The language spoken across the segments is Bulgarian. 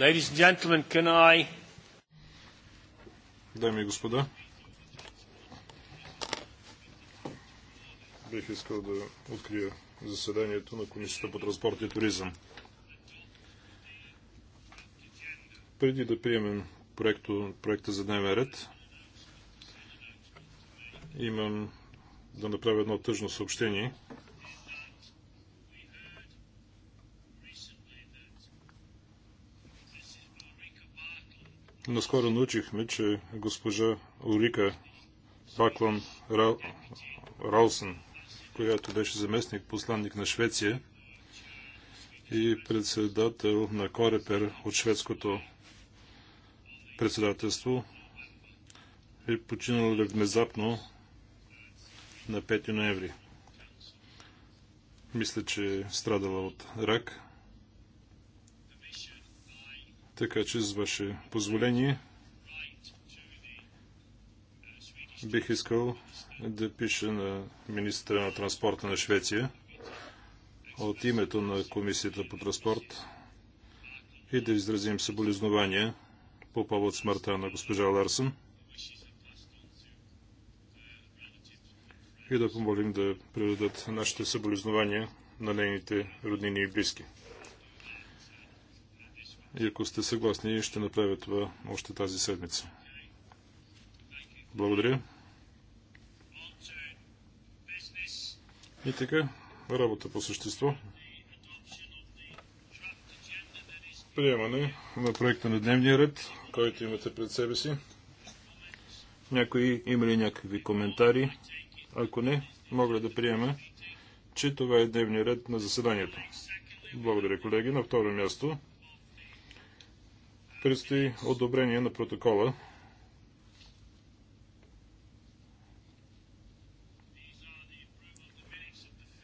Ladies and gentlemen, can I... Дами и господа, бих искал да открия заседанието на Комисията по транспорт и туризъм. Преди да приемем проекто, проекта за дневен ред, имам да направя едно тъжно съобщение – Наскоро научихме, че госпожа Урика Баклан Раусен, която беше заместник посланник на Швеция и председател на Корепер от шведското председателство, е починала внезапно на 5 ноември. Мисля, че е страдала от рак така че с ваше позволение бих искал да пиша на министра на транспорта на Швеция от името на Комисията по транспорт и да изразим съболезнования по повод смъртта на госпожа Ларсън и да помолим да предадат нашите съболезнования на нейните роднини и близки. И ако сте съгласни, ще направя това още тази седмица. Благодаря. И така, работа по същество. Приемане на проекта на дневния ред, който имате пред себе си. Някои има ли някакви коментари? Ако не, мога да приема, че това е дневния ред на заседанието. Благодаря, колеги. На второ място Предстои одобрение на протокола.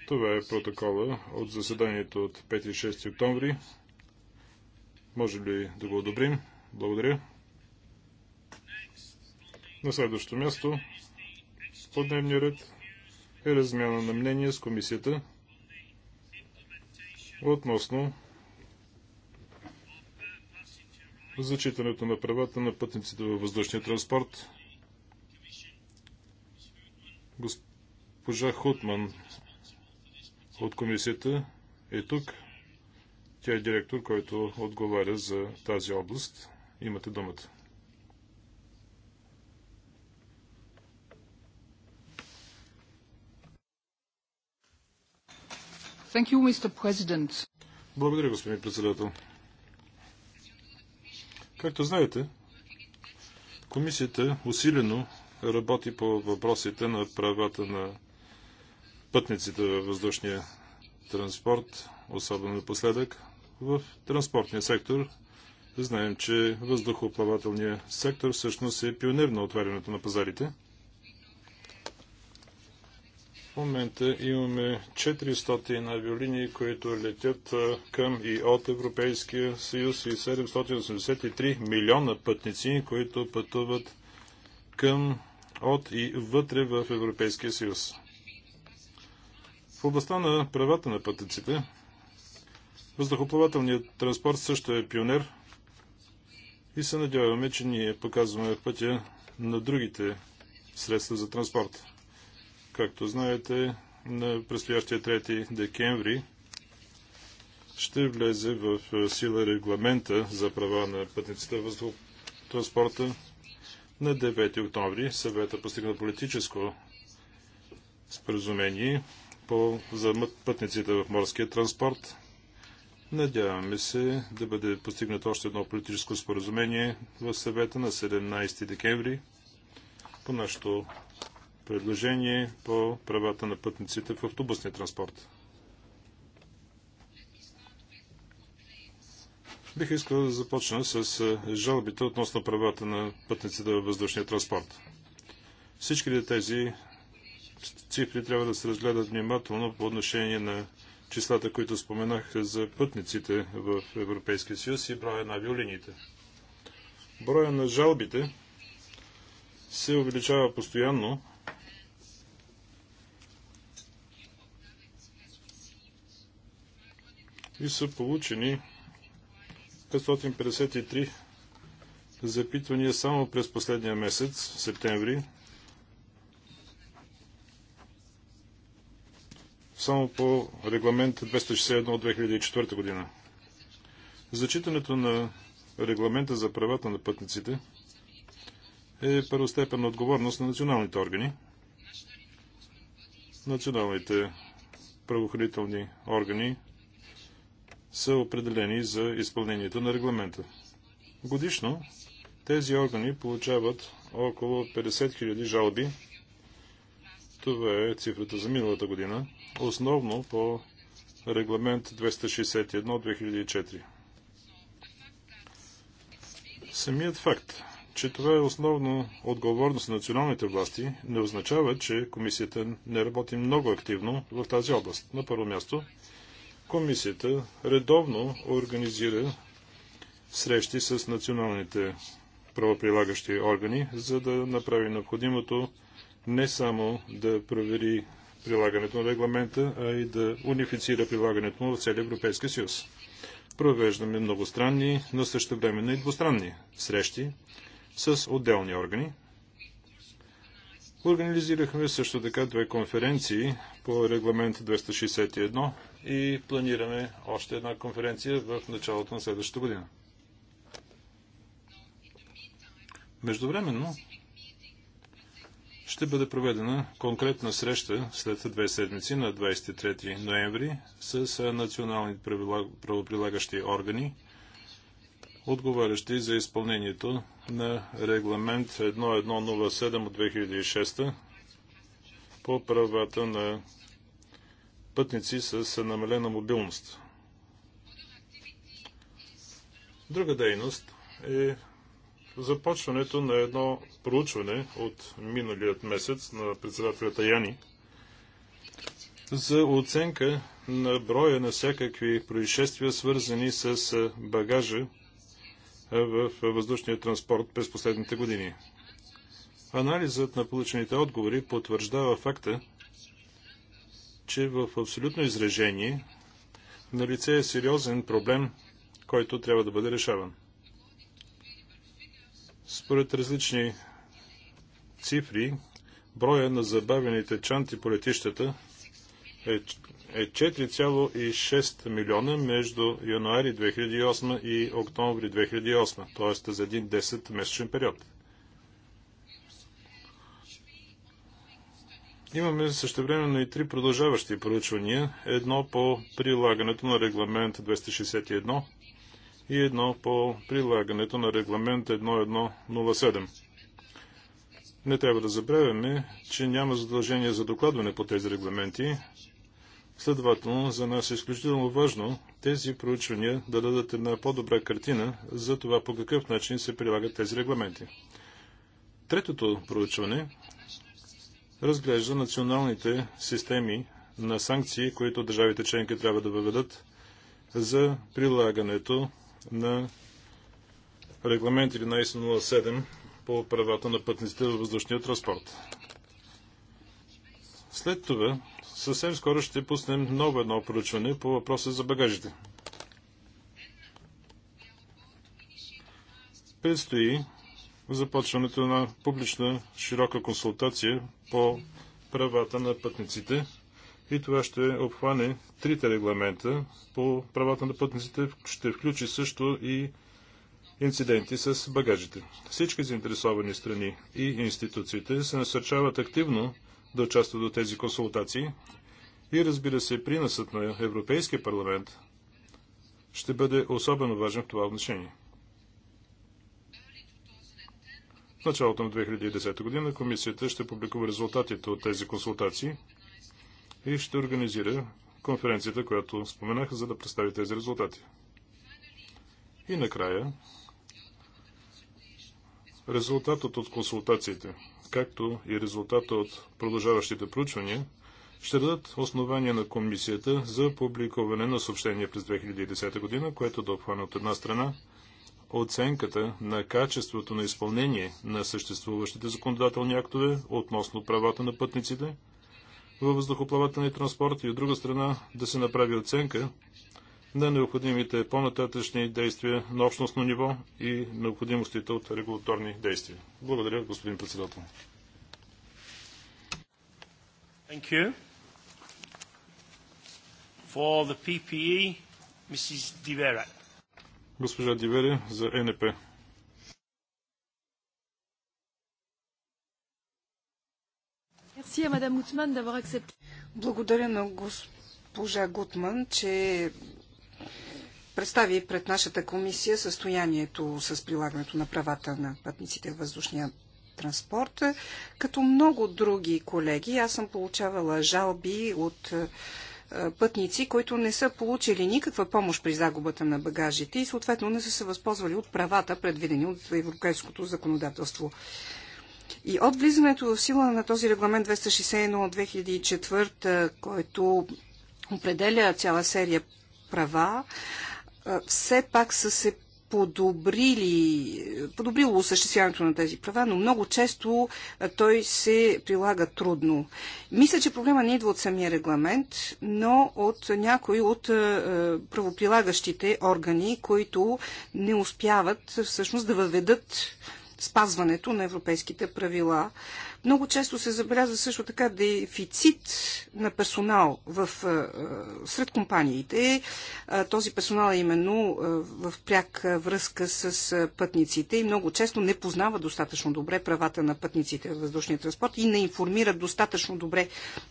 Това е протокола от заседанието от 5 и 6 октомври. Може ли да го одобрим? Благодаря. На следващото място по дневния ред е размяна на мнение с комисията относно зачитането на правата на пътниците във въздушния транспорт. Госпожа Хутман от комисията е тук. Тя е директор, който отговаря за тази област. Имате думата. Благодаря, господин председател. Както знаете, комисията усилено работи по въпросите на правата на пътниците във въздушния транспорт, особено напоследък, в транспортния сектор. Знаем, че въздухоплавателният сектор всъщност е пионер на отварянето на пазарите – в момента имаме 400 авиолинии, които летят към и от Европейския съюз и 783 милиона пътници, които пътуват към, от и вътре в Европейския съюз. В областта на правата на пътниците, въздухоплавателният транспорт също е пионер и се надяваме, че ние показваме пътя на другите средства за транспорт. Както знаете, на предстоящия 3 декември ще влезе в е, сила регламента за права на пътниците в транспорта. На 9 октомври съвета постигна политическо споразумение по, за пътниците в морския транспорт. Надяваме се да бъде постигнато още едно политическо споразумение в съвета на 17 декември по нашето предложение по правата на пътниците в автобусния транспорт. Бих искал да започна с жалбите относно правата на пътниците във въздушния транспорт. Всички тези цифри трябва да се разгледат внимателно по отношение на числата, които споменах за пътниците в Европейския съюз и броя на авиолиниите. Броя на жалбите се увеличава постоянно и са получени 553 запитвания само през последния месец, септември, само по регламент 261 от 2004 година. Зачитането на регламента за правата на пътниците е първостепенна отговорност на националните органи, националните правоохранителни органи са определени за изпълнението на регламента. Годишно тези органи получават около 50 000 жалби. Това е цифрата за миналата година, основно по регламент 261-2004. Самият факт, че това е основно отговорност на националните власти, не означава, че комисията не работи много активно в тази област. На първо място, Комисията редовно организира срещи с националните правоприлагащи органи, за да направи необходимото не само да провери прилагането на регламента, а и да унифицира прилагането му в целия Европейски съюз. Провеждаме многостранни, но също време и двустранни срещи с отделни органи. Организирахме също така две конференции по регламент 261 и планираме още една конференция в началото на следващата година. Междувременно ще бъде проведена конкретна среща след две седмици на 23 ноември с национални правоприлагащи органи, отговарящи за изпълнението на регламент 1107 от 2006 по правата на пътници с намалена мобилност. Друга дейност е започването на едно проучване от миналият месец на председателята Яни за оценка на броя на всякакви происшествия, свързани с багажа в въздушния транспорт през последните години. Анализът на получените отговори потвърждава факта, че в абсолютно изражение на лице е сериозен проблем, който трябва да бъде решаван. Според различни цифри, броя на забавените чанти по летищата е 4,6 е милиона между януари 2008 и октомври 2008, т.е. за един 10-месечен период. Имаме също на и три продължаващи проучвания. Едно по прилагането на регламент 261 и едно по прилагането на регламент 1107. Не трябва да забравяме, че няма задължение за докладване по тези регламенти. Следователно, за нас е изключително важно тези проучвания да дадат една по-добра картина за това по какъв начин се прилагат тези регламенти. Третото проучване разглежда националните системи на санкции, които държавите членки трябва да въведат за прилагането на регламент 1107 по правата на пътниците във въздушния транспорт. След това съвсем скоро ще пуснем ново едно проучване по въпроса за багажите. Предстои започването на публична широка консултация по правата на пътниците и това ще обхване трите регламента по правата на пътниците, ще включи също и инциденти с багажите. Всички заинтересовани страни и институциите се насърчават активно да участват до тези консултации и разбира се, приносът на Европейския парламент ще бъде особено важен в това отношение. началото на 2010 година комисията ще публикува резултатите от тези консултации и ще организира конференцията, която споменах, за да представи тези резултати. И накрая, резултатът от консултациите, както и резултата от продължаващите проучвания, ще дадат основания на комисията за публикуване на съобщение през 2010 година, което да обхване от една страна оценката на качеството на изпълнение на съществуващите законодателни актове относно правата на пътниците във въздухоплавателния транспорт и от друга страна да се направи оценка на необходимите по-нататъчни действия на общностно ниво и необходимостите от регулаторни действия. Благодаря, господин председател. Thank you. For the PPE, Mrs. Diverak. Госпожа Дивери за НП. Благодаря на госпожа Гутман, че представи пред нашата комисия състоянието с прилагането на правата на пътниците в въздушния транспорт. Като много други колеги, аз съм получавала жалби от е, пътници, които не са получили никаква помощ при загубата на багажите и съответно не са се възползвали от правата, предвидени от европейското законодателство. И от влизането в сила на този регламент 261 от 2004, който определя цяла серия права, е, все пак са се подобрили, подобрило осъществяването на тези права, но много често той се прилага трудно. Мисля, че проблема не идва от самия регламент, но от някои от правоприлагащите органи, които не успяват всъщност да въведат спазването на европейските правила много често се забелязва също така дефицит на персонал в, сред компаниите. Този персонал е именно в пряк връзка с пътниците и много често не познава достатъчно добре правата на пътниците в въздушния транспорт и не информира достатъчно добре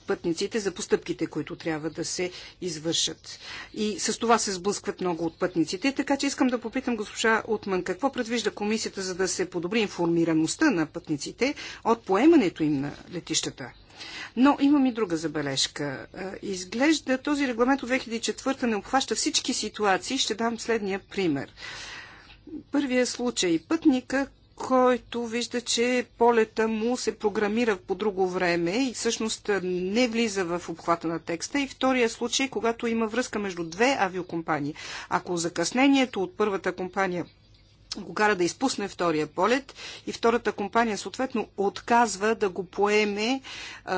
пътниците за постъпките, които трябва да се извършат. И с това се сблъскват много от пътниците. Така че искам да попитам госпожа Отман, какво предвижда комисията, за да се подобри информираността на пътниците от поемане състоянието им на летищата. Но имам и друга забележка. Е, изглежда този регламент от 2004 не обхваща всички ситуации. Ще дам следния пример. Първия случай. Пътника, който вижда, че полета му се програмира по друго време и всъщност не влиза в обхвата на текста. И втория случай, когато има връзка между две авиокомпании. Ако закъснението от първата компания го кара да изпусне втория полет и втората компания съответно отказва да го поеме а,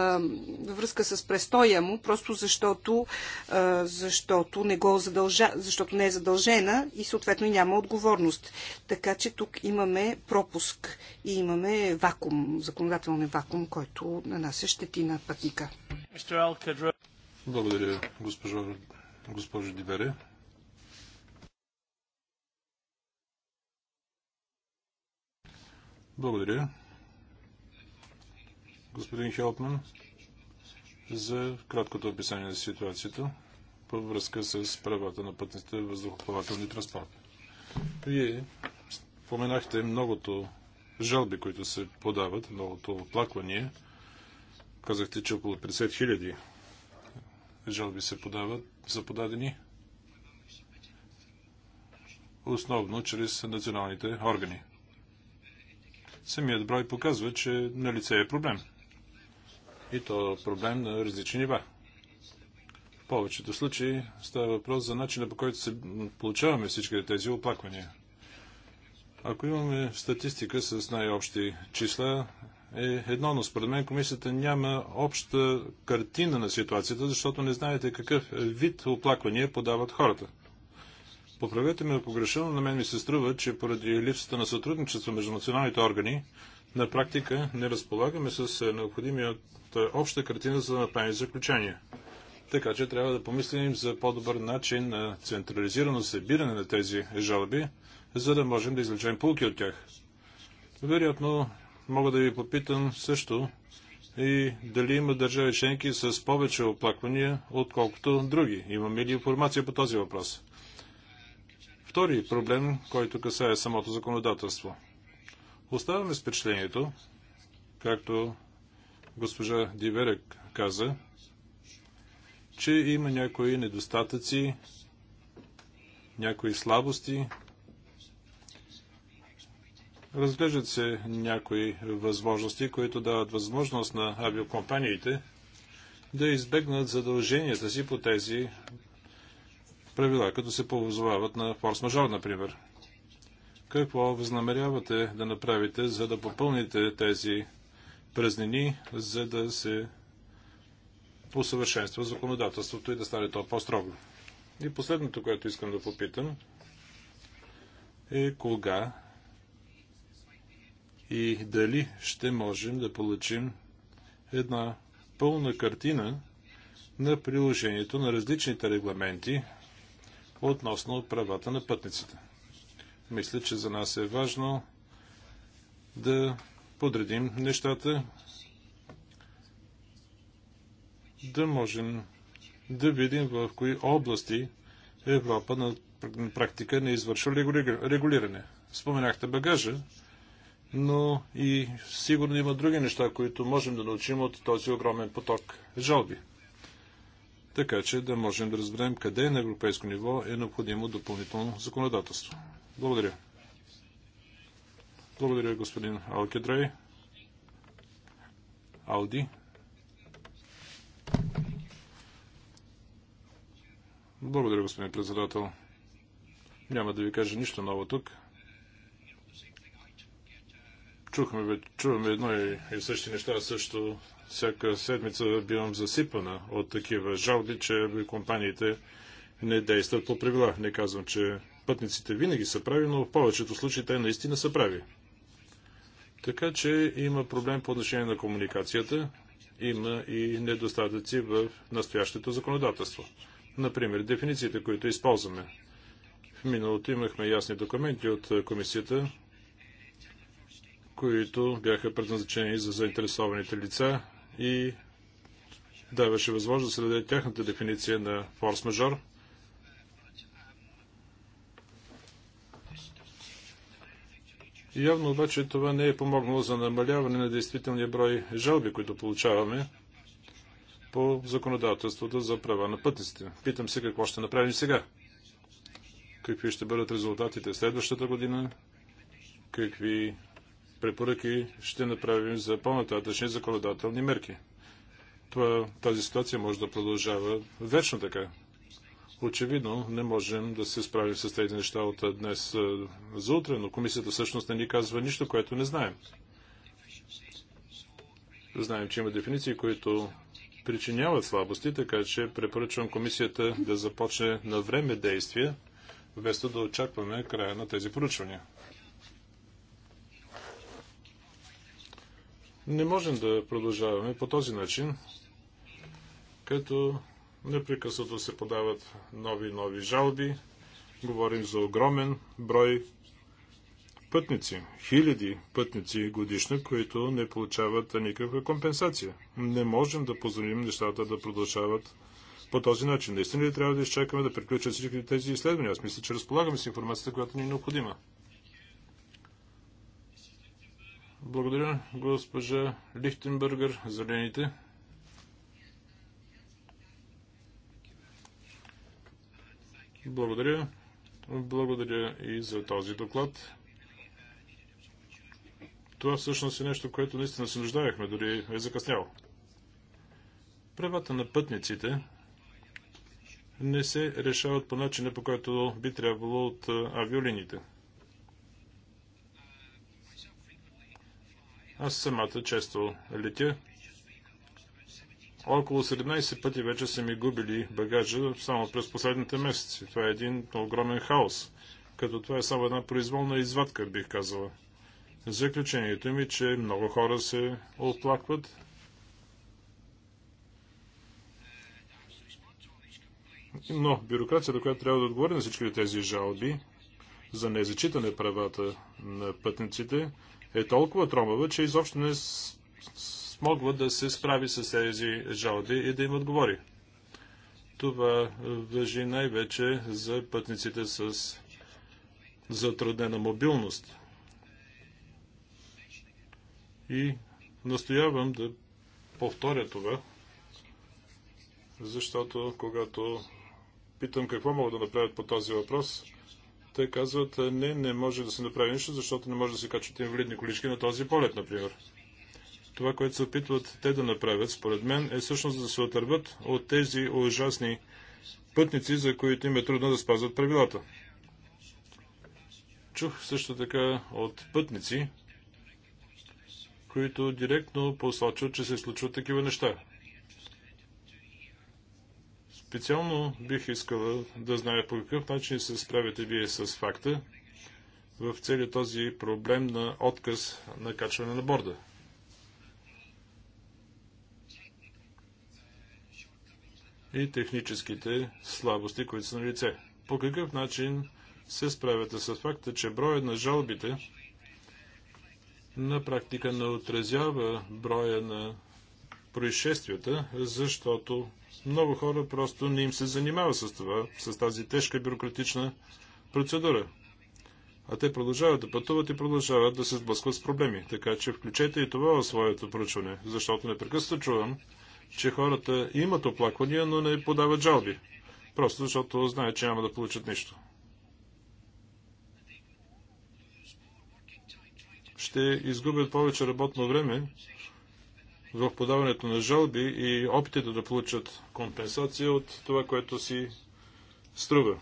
във връзка с престоя му, просто защото, а, защото, не го задължа, защото не е задължена и съответно няма отговорност. Така че тук имаме пропуск и имаме вакуум, законодателен вакуум, който нанася щети на пътника. Благодаря, госпожо, госпожо Дивере. Благодаря. Господин Хелтман, за краткото описание на ситуацията във връзка с правата на пътните въздухоплавателни транспорт. Вие споменахте многото жалби, които се подават, многото оплаквания. Казахте, че около 50 хиляди жалби се подават, са подадени основно чрез националните органи самият брой показва, че на лице е проблем. И то проблем на различни нива. В повечето случаи става въпрос за начина по който се получаваме всички тези оплаквания. Ако имаме статистика с най-общи числа, е едно, но според мен комисията няма обща картина на ситуацията, защото не знаете какъв вид оплаквания подават хората. Поправете ме ако греша, но на мен ми се струва, че поради липсата на сътрудничество между националните органи, на практика не разполагаме с е, необходимията е, обща картина, за да направим заключения. Така че трябва да помислим за по-добър начин на централизирано събиране на тези жалби, за да можем да излечем полки от тях. Вероятно, мога да ви попитам също и дали има държави членки с повече оплаквания, отколкото други. Имаме ли информация по този въпрос? втори проблем, който касае самото законодателство. Оставаме с впечатлението, както госпожа Диверек каза, че има някои недостатъци, някои слабости. Разглеждат се някои възможности, които дават възможност на авиокомпаниите да избегнат задълженията си по тези правила, като се ползвават на форс-мажор, например. Какво възнамерявате да направите, за да попълните тези празнини, за да се усъвършенства законодателството и да стане то по-строго? И последното, което искам да попитам, е кога и дали ще можем да получим една пълна картина на приложението на различните регламенти, относно правата на пътниците. Мисля, че за нас е важно да подредим нещата, да можем да видим в кои области Европа на практика не извършва регулиране. Споменахте багажа, но и сигурно има други неща, които можем да научим от този огромен поток жалби така че да можем да разберем къде на европейско ниво е необходимо допълнително законодателство. Благодаря. Благодаря, господин Алкедрай. Ауди. Благодаря, господин председател. Няма да ви кажа нищо ново тук. Чухме, чуваме едно и, и същи неща също всяка седмица бивам засипана от такива жалби, че компаниите не действат по правила. Не казвам, че пътниците винаги са прави, но в повечето случаи те наистина са прави. Така че има проблем по отношение на комуникацията, има и недостатъци в настоящето законодателство. Например, дефинициите, които използваме. В миналото имахме ясни документи от комисията, които бяха предназначени за заинтересованите лица и даваше възможност да се даде тяхната дефиниция на форс-мажор. Явно обаче това не е помогнало за намаляване на действителния брой жалби, които получаваме по законодателството за права на пътниците. Питам се какво ще направим сега. Какви ще бъдат резултатите следващата година? Какви препоръки ще направим за по-нататъчни законодателни мерки. Това, тази ситуация може да продължава вечно така. Очевидно не можем да се справим с тези неща от днес за утре, но комисията всъщност не ни казва нищо, което не знаем. Знаем, че има дефиниции, които причиняват слабости, така че препоръчвам комисията да започне на време действие, вместо да очакваме края на тези поручвания. Не можем да продължаваме по този начин, като непрекъснато се подават нови и нови жалби. Говорим за огромен брой пътници, хиляди пътници годишно, които не получават никаква компенсация. Не можем да позволим нещата да продължават по този начин. Наистина ли трябва да изчакаме да приключат всички тези изследвания? Аз мисля, че разполагаме с информацията, която ни е необходима. Благодаря, госпожа за зелените. Благодаря. Благодаря и за този доклад. Това всъщност е нещо, което наистина се нуждаехме, дори е закъсняло. Правата на пътниците не се решават по начина, по който би трябвало от авиолините. Аз самата често летя. Около 17 пъти вече са ми губили багажа само през последните месеци. Това е един огромен хаос. Като това е само една произволна извадка, бих казала. Заключението ми, е, че много хора се оплакват. Но бюрокрацията, която трябва да отговори на всички тези жалби за незачитане правата на пътниците, е толкова тромава, че изобщо не смогва да се справи с тези жалби и да им отговори. Това въжи най-вече за пътниците с затруднена мобилност. И настоявам да повторя това, защото когато питам какво могат да направят по този въпрос, те казват, е, не, не може да се направи нищо, защото не може да се качат инвалидни колички на този полет, например. Това, което се опитват те да направят, според мен, е всъщност да се отърват от тези ужасни пътници, за които им е трудно да спазват правилата. Чух също така от пътници, които директно посочват, че се случват такива неща. Специално бих искала да зная по какъв начин се справяте вие с факта в целият този проблем на отказ на качване на борда. И техническите слабости, които са на лице. По какъв начин се справяте с факта, че броят на жалбите на практика не отразява броя на происшествията, защото много хора просто не им се занимава с това, с тази тежка бюрократична процедура. А те продължават да пътуват и продължават да се сблъскват с проблеми. Така че включете и това в своето проучване, защото непрекъснато чувам, че хората имат оплаквания, но не подават жалби. Просто защото знаят, че няма да получат нищо. Ще изгубят повече работно време, в подаването на жалби и опитите да получат компенсация от това, което си струва.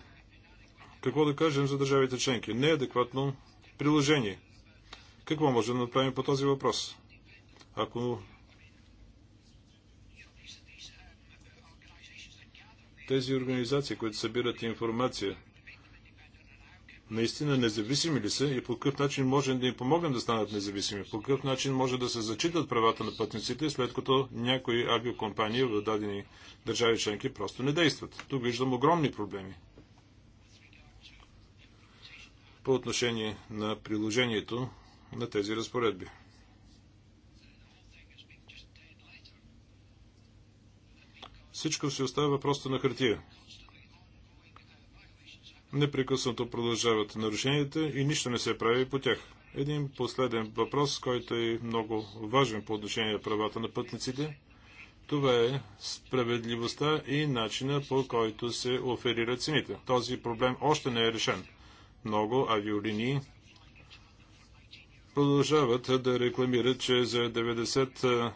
Какво да кажем за държавите членки? Неадекватно приложение. Какво можем да направим по този въпрос? Ако тези организации, които събират информация наистина независими ли са и по какъв начин можем да им помогнем да станат независими, по какъв начин може да се зачитат правата на пътниците, след като някои авиокомпании в дадени държави членки просто не действат. Тук виждам огромни проблеми. По отношение на приложението на тези разпоредби. Всичко си остава просто на хартия непрекъснато продължават нарушенията и нищо не се прави по тях. Един последен въпрос, който е много важен по отношение на правата на пътниците. Това е справедливостта и начина по който се оферират цените. Този проблем още не е решен. Много авиолинии продължават да рекламират, че за 90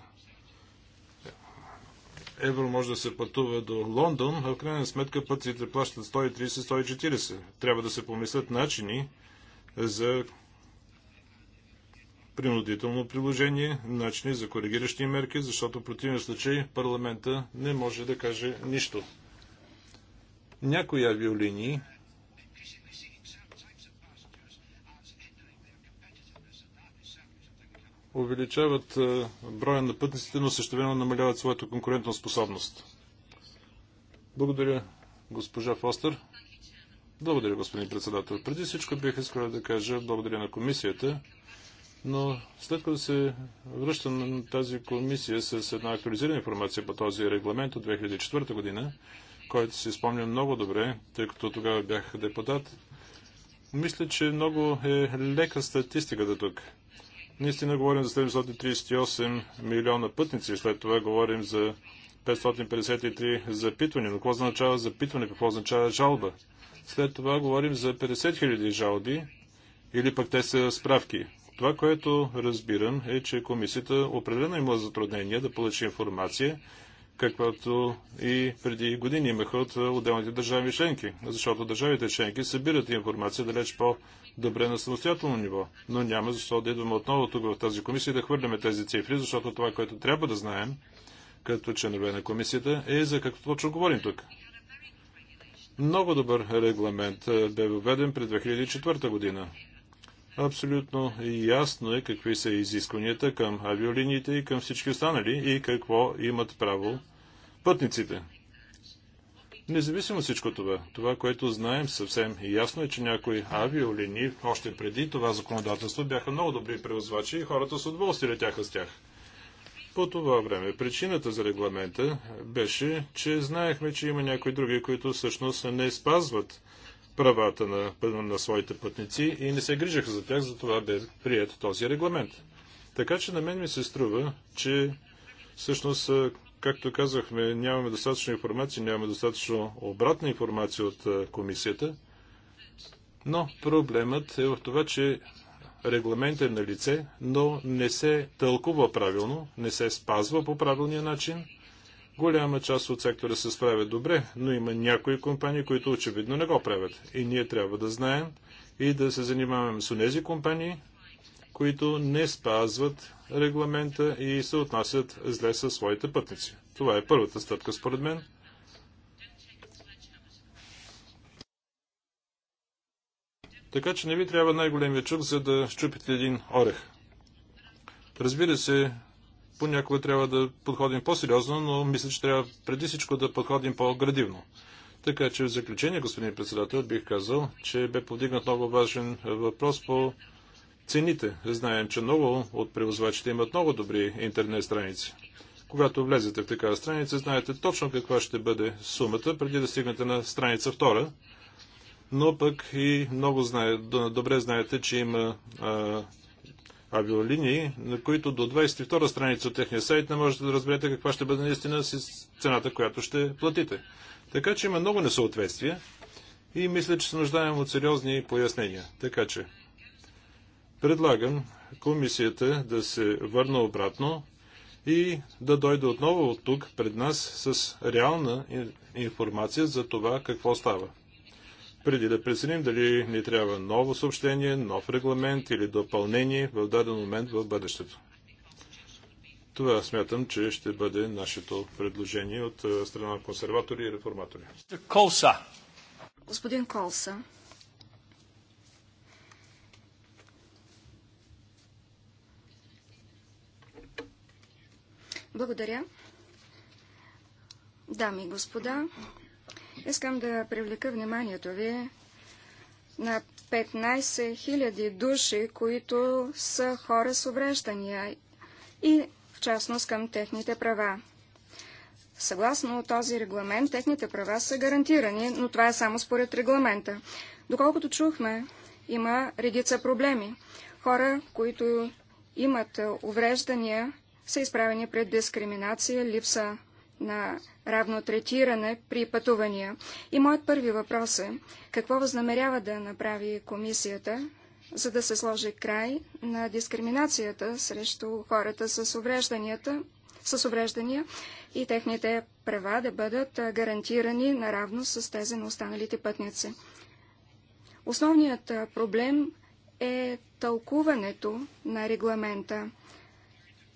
евро може да се пътува до Лондон, а в крайна сметка пътците плащат 130-140. Трябва да се помислят начини за принудително приложение, начини за коригиращи мерки, защото в противен случай парламента не може да каже нищо. Някои авиолинии увеличават е, броя на пътниците, но същевременно намаляват своята конкурентна способност. Благодаря, госпожа Фостер. Благодаря, господин председател. Преди всичко бих искал да кажа благодаря на комисията, но след като се връща на тази комисия с една актуализирана информация по този регламент от 2004 година, който си спомням много добре, тъй като тогава бях депутат, мисля, че много е лека статистиката тук. Наистина говорим за 738 милиона пътници, след това говорим за 553 запитвания. Но какво означава запитване, какво означава жалба? След това говорим за 50 хиляди жалби или пък те са справки. Това, което разбирам е, че комисията определено има затруднение да получи информация каквато и преди години имаха от отделните държави членки, защото държавите членки събират информация далеч по-добре на самостоятелно ниво. Но няма защо да идваме отново тук в тази комисия да хвърляме тези цифри, защото това, което трябва да знаем като членове на комисията е за какво точно говорим тук. Много добър регламент бе въведен през 2004 година. Абсолютно ясно е какви са изискванията към авиолиниите и към всички останали и какво имат право пътниците. Независимо всичко това, това, което знаем съвсем ясно е, че някои авиолинии още преди това законодателство бяха много добри превозвачи и хората с удоволствие летяха с тях. По това време причината за регламента беше, че знаехме, че има някои други, които всъщност не спазват правата на, на своите пътници и не се грижаха за тях, затова бе прият този регламент. Така че на мен ми се струва, че всъщност, както казахме, нямаме достатъчно информация, нямаме достатъчно обратна информация от комисията, но проблемът е в това, че регламент е на лице, но не се тълкува правилно, не се спазва по правилния начин – Голяма част от сектора се справя добре, но има някои компании, които очевидно не го правят. И ние трябва да знаем и да се занимаваме с тези компании, които не спазват регламента и се отнасят зле със своите пътници. Това е първата стъпка според мен. Така че не ви трябва най-големия чук, за да щупите един орех. Разбира се, понякога трябва да подходим по-сериозно, но мисля, че трябва преди всичко да подходим по-градивно. Така че в заключение, господин председател, бих казал, че бе повдигнат много важен въпрос по цените. Знаем, че много от превозвачите имат много добри интернет страници. Когато влезете в такава страница, знаете точно каква ще бъде сумата преди да стигнете на страница втора. Но пък и много знае, добре знаете, че има а, авиолинии, на които до 22 страница от техния сайт не можете да разберете каква ще бъде наистина с цената, която ще платите. Така че има много несъответствия и мисля, че се нуждаем от сериозни пояснения. Така че предлагам комисията да се върна обратно и да дойде отново от тук пред нас с реална информация за това какво става преди да преценим дали ни трябва ново съобщение, нов регламент или допълнение в даден момент в бъдещето. Това смятам, че ще бъде нашето предложение от страна на консерватори и реформатори. Колса. Господин Колса. Благодаря. Дами и господа, Искам да привлека вниманието ви на 15 000 души, които са хора с обреждания и в частност към техните права. Съгласно този регламент, техните права са гарантирани, но това е само според регламента. Доколкото чухме, има редица проблеми. Хора, които имат увреждания, са изправени пред дискриминация, липса на равно третиране при пътувания. И моят първи въпрос е, какво възнамерява да направи комисията, за да се сложи край на дискриминацията срещу хората с уврежданията, с увреждания и техните права да бъдат гарантирани наравно с тези на останалите пътници. Основният проблем е тълкуването на регламента.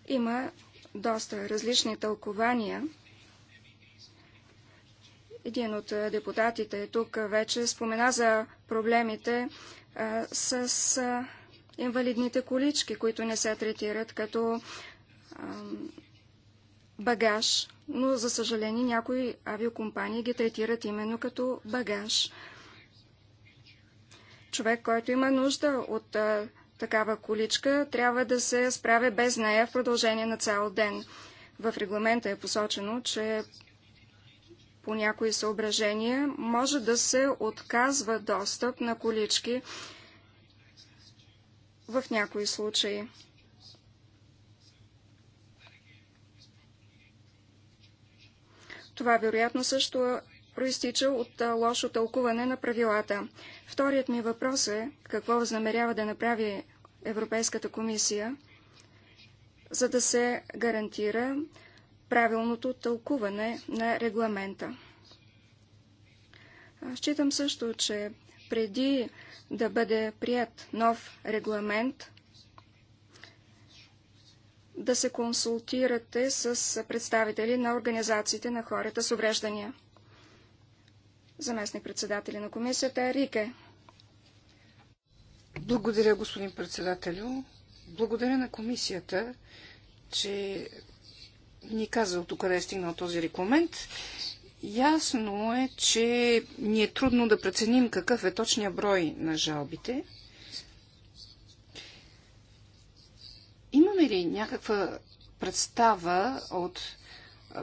Има доста различни тълкования един от е, депутатите тук вече спомена за проблемите а, е, с а, е, инвалидните колички, които не се третират като а, багаж, но за съжаление някои авиокомпании ги третират именно като багаж. Човек, който има нужда от а, такава количка, трябва да се справя без нея в продължение на цял ден. В регламента е посочено, че по някои съображения може да се отказва достъп на колички в някои случаи. Това вероятно също проистича от лошо тълкуване на правилата. Вторият ми въпрос е какво възнамерява да направи Европейската комисия, за да се гарантира, правилното тълкуване на регламента. Считам също, че преди да бъде прият нов регламент, да се консултирате с представители на организациите на хората с увреждания. Заместник председатели на комисията Рике. Благодаря, господин председателю. Благодаря на комисията, че ни каза от къде е стигнал този рекламент. Ясно е, че ни е трудно да преценим какъв е точния брой на жалбите. Имаме ли някаква представа от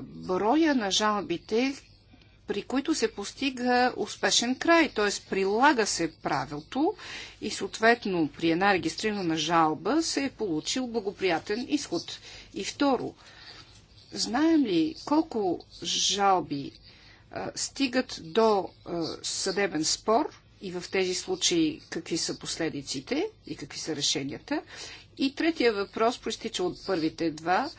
броя на жалбите, при които се постига успешен край, т.е. прилага се правилото и съответно при една регистрирана жалба се е получил благоприятен изход. И второ, Знаем ли колко жалби а, стигат до а, съдебен спор и в тези случаи какви са последиците и какви са решенията? И третия въпрос проистича от първите два.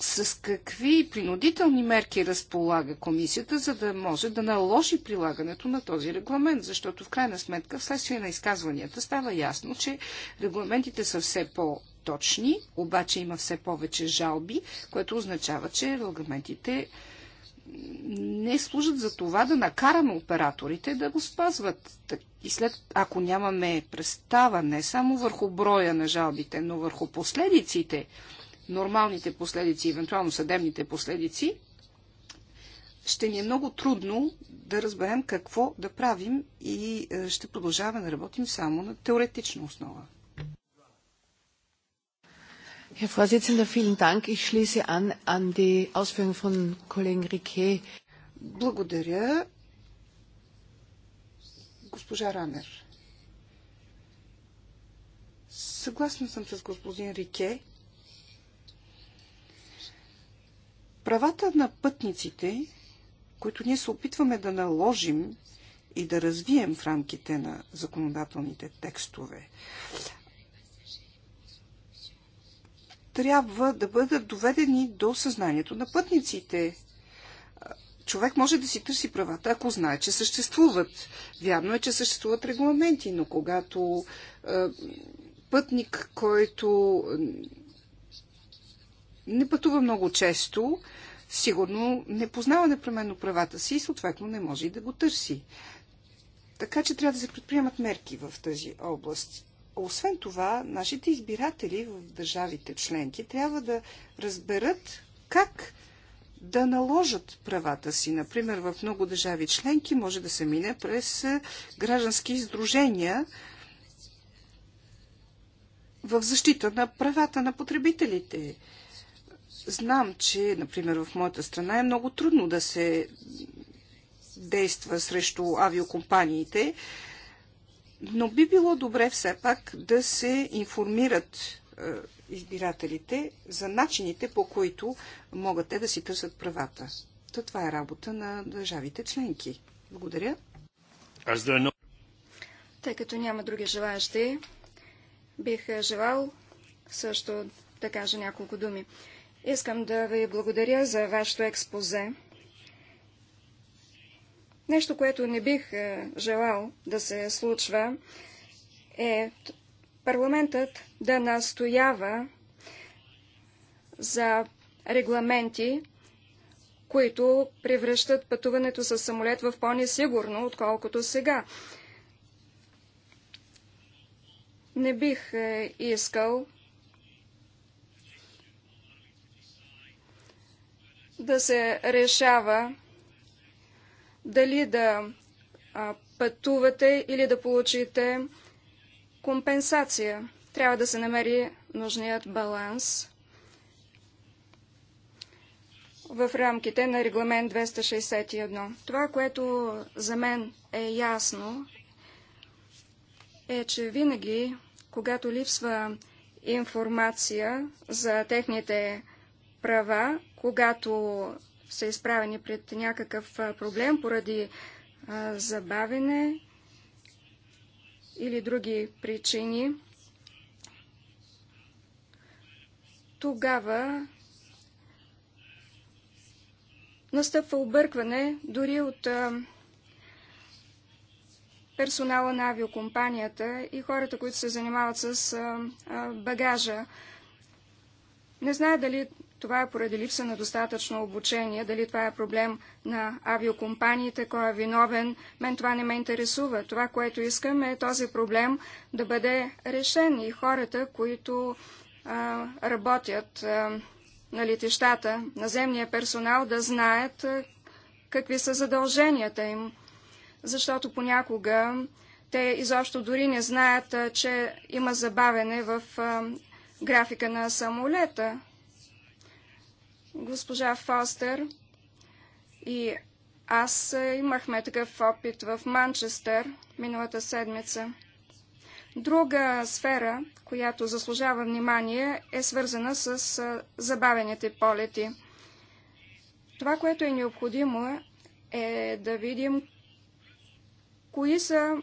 С какви принудителни мерки разполага комисията, за да може да наложи прилагането на този регламент? Защото в крайна сметка, вследствие на изказванията, става ясно, че регламентите са все по- точни, обаче има все повече жалби, което означава, че регламентите не служат за това да накараме операторите да го спазват. И след, ако нямаме представа не само върху броя на жалбите, но върху последиците, нормалните последици, евентуално съдебните последици, ще ни е много трудно да разберем какво да правим и е, ще продължаваме да работим само на теоретична основа. Herr Vorsitzender, vielen Dank. Ich schließe an an die Ausführungen von Kollegen Riquet. Благодаря. Госпожа Ранер. Съгласна съм с господин Рике. Правата на пътниците, които ние се опитваме да наложим и да развием в рамките на законодателните текстове, трябва да бъдат доведени до съзнанието на пътниците. Човек може да си търси правата, ако знае, че съществуват. Вярно е, че съществуват регламенти, но когато е, пътник, който не пътува много често, сигурно не познава непременно правата си и съответно не може и да го търси. Така че трябва да се предприемат мерки в тази област. Освен това, нашите избиратели в държавите членки трябва да разберат как да наложат правата си. Например, в много държави членки може да се мине през е, граждански издружения в защита на правата на потребителите. Знам, че, например, в моята страна е много трудно да се действа срещу авиокомпаниите, но би било добре все пак да се информират е, избирателите за начините по които могат те да си търсят правата. То това е работа на държавите членки. Благодаря. Тъй като няма други желаящи, бих е, желал също да кажа няколко думи. Искам да ви благодаря за вашето експозе. Нещо, което не бих е, желал да се случва, е парламентът да настоява за регламенти, които превръщат пътуването с самолет в по-несигурно, отколкото сега. Не бих е, искал да се решава дали да а, пътувате или да получите компенсация. Трябва да се намери нужният баланс в рамките на регламент 261. Това, което за мен е ясно, е, че винаги, когато липсва информация за техните права, когато са изправени пред някакъв проблем поради забавене или други причини, тогава настъпва объркване дори от персонала на авиокомпанията и хората, които се занимават с багажа. Не знаят дали това е поради липса на достатъчно обучение. Дали това е проблем на авиокомпаниите, кой е виновен, мен това не ме интересува. Това, което искам е този проблем да бъде решен и хората, които а, работят а, на летищата, наземния персонал, да знаят а, какви са задълженията им. Защото понякога те изобщо дори не знаят, а, че има забавене в а, графика на самолета Госпожа Фостер и аз имахме такъв опит в Манчестър миналата седмица. Друга сфера, която заслужава внимание, е свързана с забавените полети. Това, което е необходимо е да видим кои са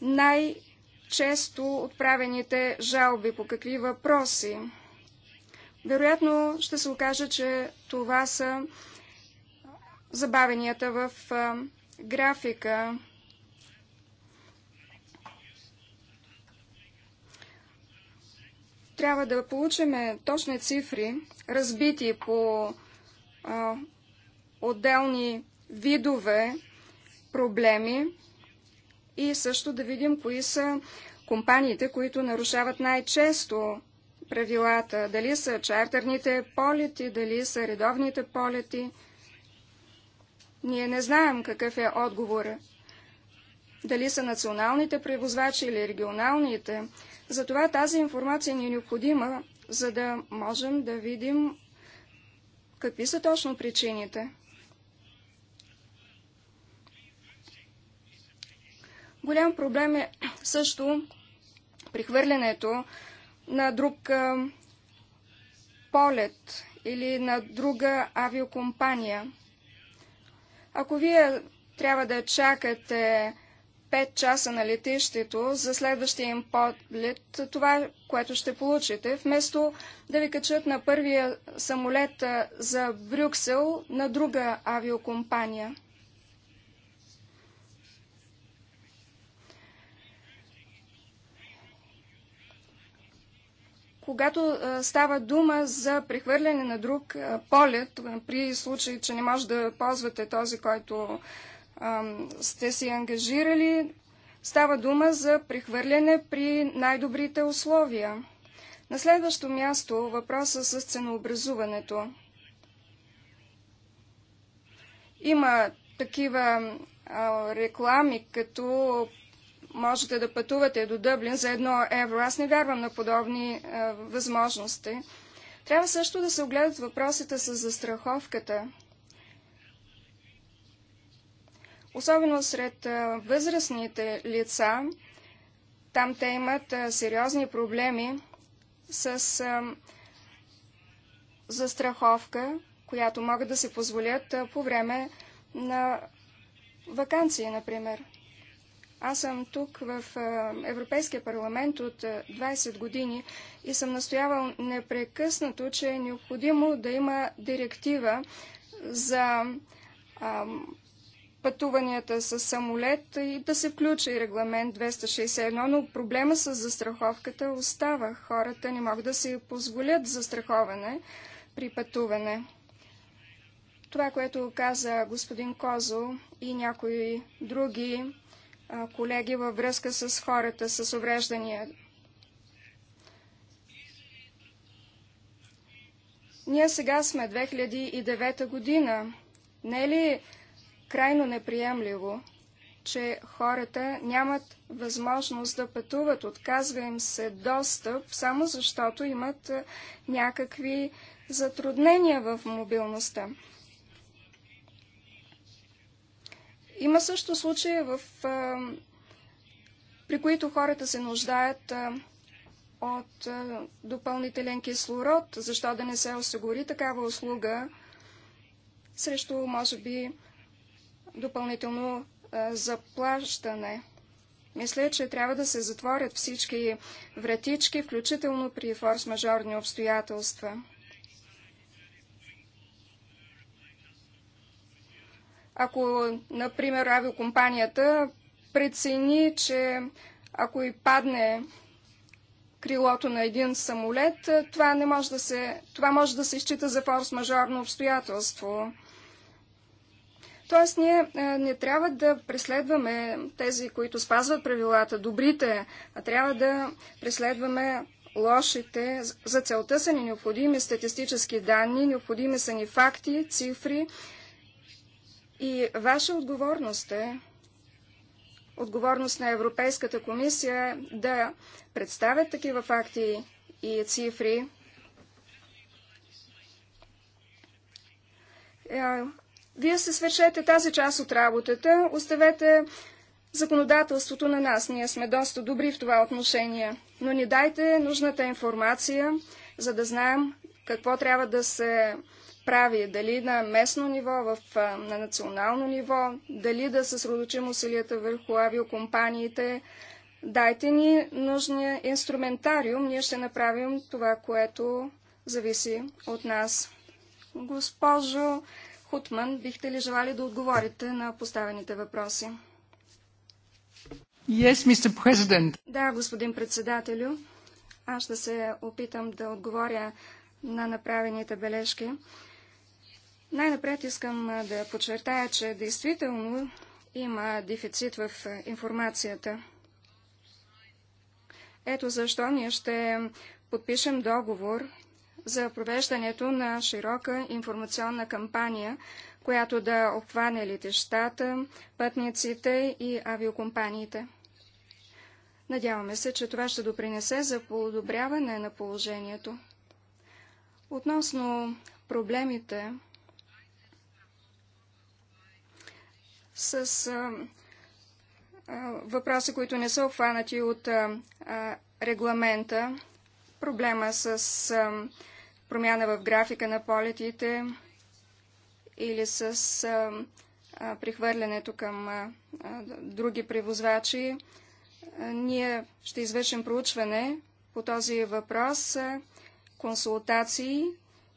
най-често отправените жалби, по какви въпроси. Вероятно ще се окаже, че това са забавенията в графика. Трябва да получим точни цифри, разбити по а, отделни видове проблеми и също да видим кои са компаниите, които нарушават най-често правилата, дали са чартерните полети, дали са редовните полети. Ние не знаем какъв е отговора. Дали са националните превозвачи или регионалните. Затова тази информация ни е необходима, за да можем да видим какви са точно причините. Голям проблем е също прихвърлянето на друг полет или на друга авиокомпания. Ако вие трябва да чакате 5 часа на летището за следващия им подлет, това, което ще получите, вместо да ви качат на първия самолет за Брюксел на друга авиокомпания. когато става дума за прехвърляне на друг полет, при случай, че не може да ползвате този, който сте си ангажирали, става дума за прехвърляне при най-добрите условия. На следващо място въпроса с ценообразуването. Има такива реклами, като можете да пътувате до Дъблин за едно евро. Аз не вярвам на подобни а, е, възможности. Трябва също да се огледат въпросите с застраховката. Особено сред а, е, възрастните лица, там те имат а, е, сериозни проблеми с а, застраховка, която могат да се позволят а, по време на вакансии, например. Аз съм тук в Европейския парламент от 20 години и съм настоявал непрекъснато, че е необходимо да има директива за пътуванията с самолет и да се включи регламент 261, но проблема с застраховката остава. Хората не могат да си позволят застраховане при пътуване. Това, което каза господин Козо и някои други колеги във връзка с хората с увреждания. Ние сега сме 2009 година. Не е ли крайно неприемливо, че хората нямат възможност да пътуват, отказва им се достъп, само защото имат някакви затруднения в мобилността. Има също случаи, в, а, при които хората се нуждаят а, от а, допълнителен кислород, защо да не се осигури такава услуга срещу, може би, допълнително а, заплащане. Мисля, че трябва да се затворят всички вратички, включително при форс-мажорни обстоятелства. Ако, например, авиокомпанията прецени, че ако и падне крилото на един самолет, това, не може да се, това може да се изчита за форс-мажорно обстоятелство. Тоест, ние е, не трябва да преследваме тези, които спазват правилата, добрите, а трябва да преследваме лошите. За целта са ни необходими статистически данни, необходими са ни факти, цифри, и ваша отговорност е, отговорност на Европейската комисия да представят такива факти и цифри. Е, вие се свършете тази част от работата, оставете законодателството на нас. Ние сме доста добри в това отношение, но ни дайте нужната информация, за да знаем какво трябва да се прави, е дали на местно ниво, в, на национално ниво, дали да съсредоточим усилията върху авиокомпаниите. Дайте ни нужния инструментариум, ние ще направим това, което зависи от нас. Госпожо Хутман, бихте ли желали да отговорите на поставените въпроси? Yes, Mr. President. Да, господин председателю. Аз ще се опитам да отговоря на направените бележки. Най-напред искам да подчертая, че действително има дефицит в информацията. Ето защо ние ще подпишем договор за провеждането на широка информационна кампания, която да обхване летищата, пътниците и авиокомпаниите. Надяваме се, че това ще допринесе за подобряване на положението. Относно проблемите, с а, а, въпроси, които не са обхванати от а, регламента, проблема с а, промяна в графика на полетите или с а, а, прихвърлянето към а, а, други превозвачи. А, ние ще извършим проучване по този въпрос, а, консултации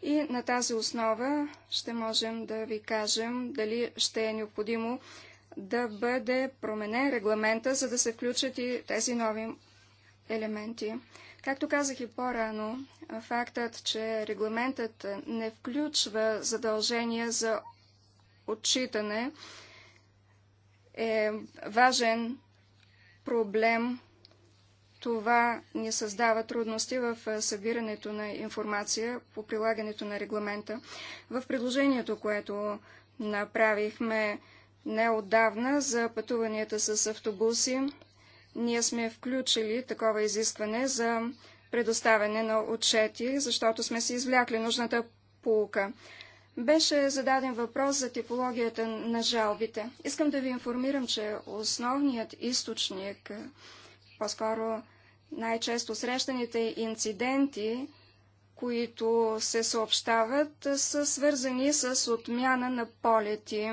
и на тази основа ще можем да ви кажем дали ще е необходимо да бъде променен регламента, за да се включат и тези нови елементи. Както казах и по-рано, фактът, че регламентът не включва задължения за отчитане е важен проблем това ни създава трудности в събирането на информация по прилагането на регламента. В предложението, което направихме неотдавна за пътуванията с автобуси, ние сме включили такова изискване за предоставяне на отчети, защото сме си извлякли нужната полука. Беше зададен въпрос за типологията на жалбите. Искам да ви информирам, че основният източник, по-скоро най-често срещаните инциденти, които се съобщават, са свързани с отмяна на полети.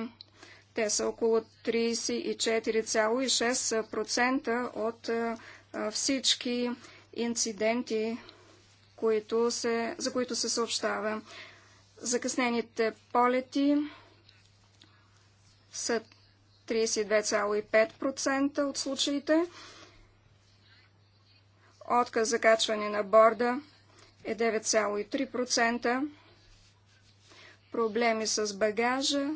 Те са около 34,6% от всички инциденти, които се, за които се съобщава. Закъснените полети са 32,5% от случаите отказ за качване на борда е 9,3%, проблеми с багажа,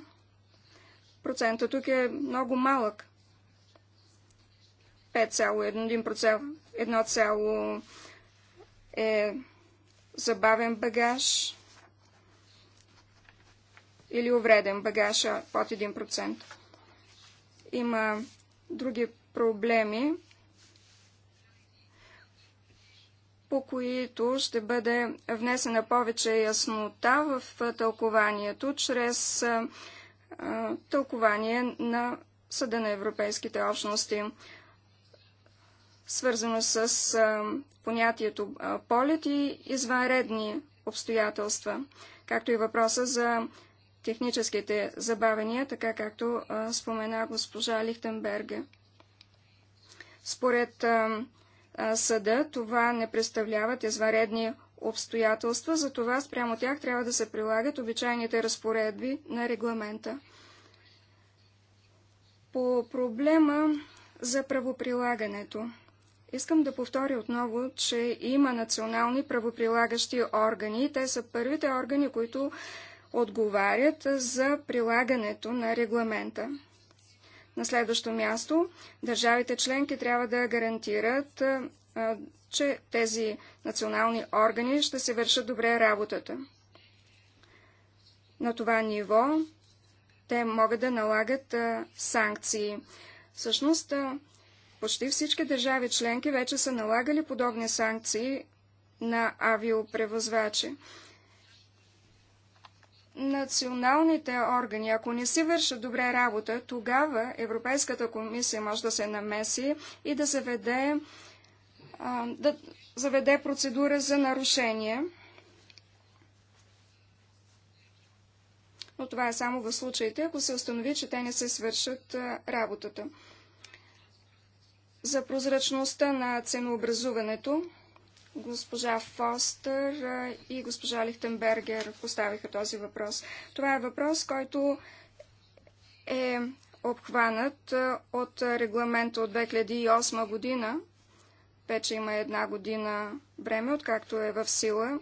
процента тук е много малък, 5,1%, 1, е забавен багаж или увреден багаж под 1%. Има други проблеми по които ще бъде внесена повече яснота в тълкованието, чрез тълкование на Съда на Европейските общности, свързано с понятието полет и извънредни обстоятелства, както и въпроса за техническите забавения, така както спомена госпожа Лихтенберге. Според съда, това не представляват изваредни обстоятелства, затова спрямо тях трябва да се прилагат обичайните разпоредби на регламента. По проблема за правоприлагането. Искам да повторя отново, че има национални правоприлагащи органи. Те са първите органи, които отговарят за прилагането на регламента. На следващо място, държавите членки трябва да гарантират, че тези национални органи ще се вършат добре работата. На това ниво те могат да налагат санкции. Всъщност, почти всички държави членки вече са налагали подобни санкции на авиопревозвачи националните органи, ако не си вършат добре работа, тогава Европейската комисия може да се намеси и да заведе, да заведе процедура за нарушение. Но това е само в случаите, ако се установи, че те не се свършат работата. За прозрачността на ценообразуването Госпожа Фостер и госпожа Лихтенбергер поставиха този въпрос. Това е въпрос, който е обхванат от регламента от 2008 година. Вече има една година време, откакто е в сила.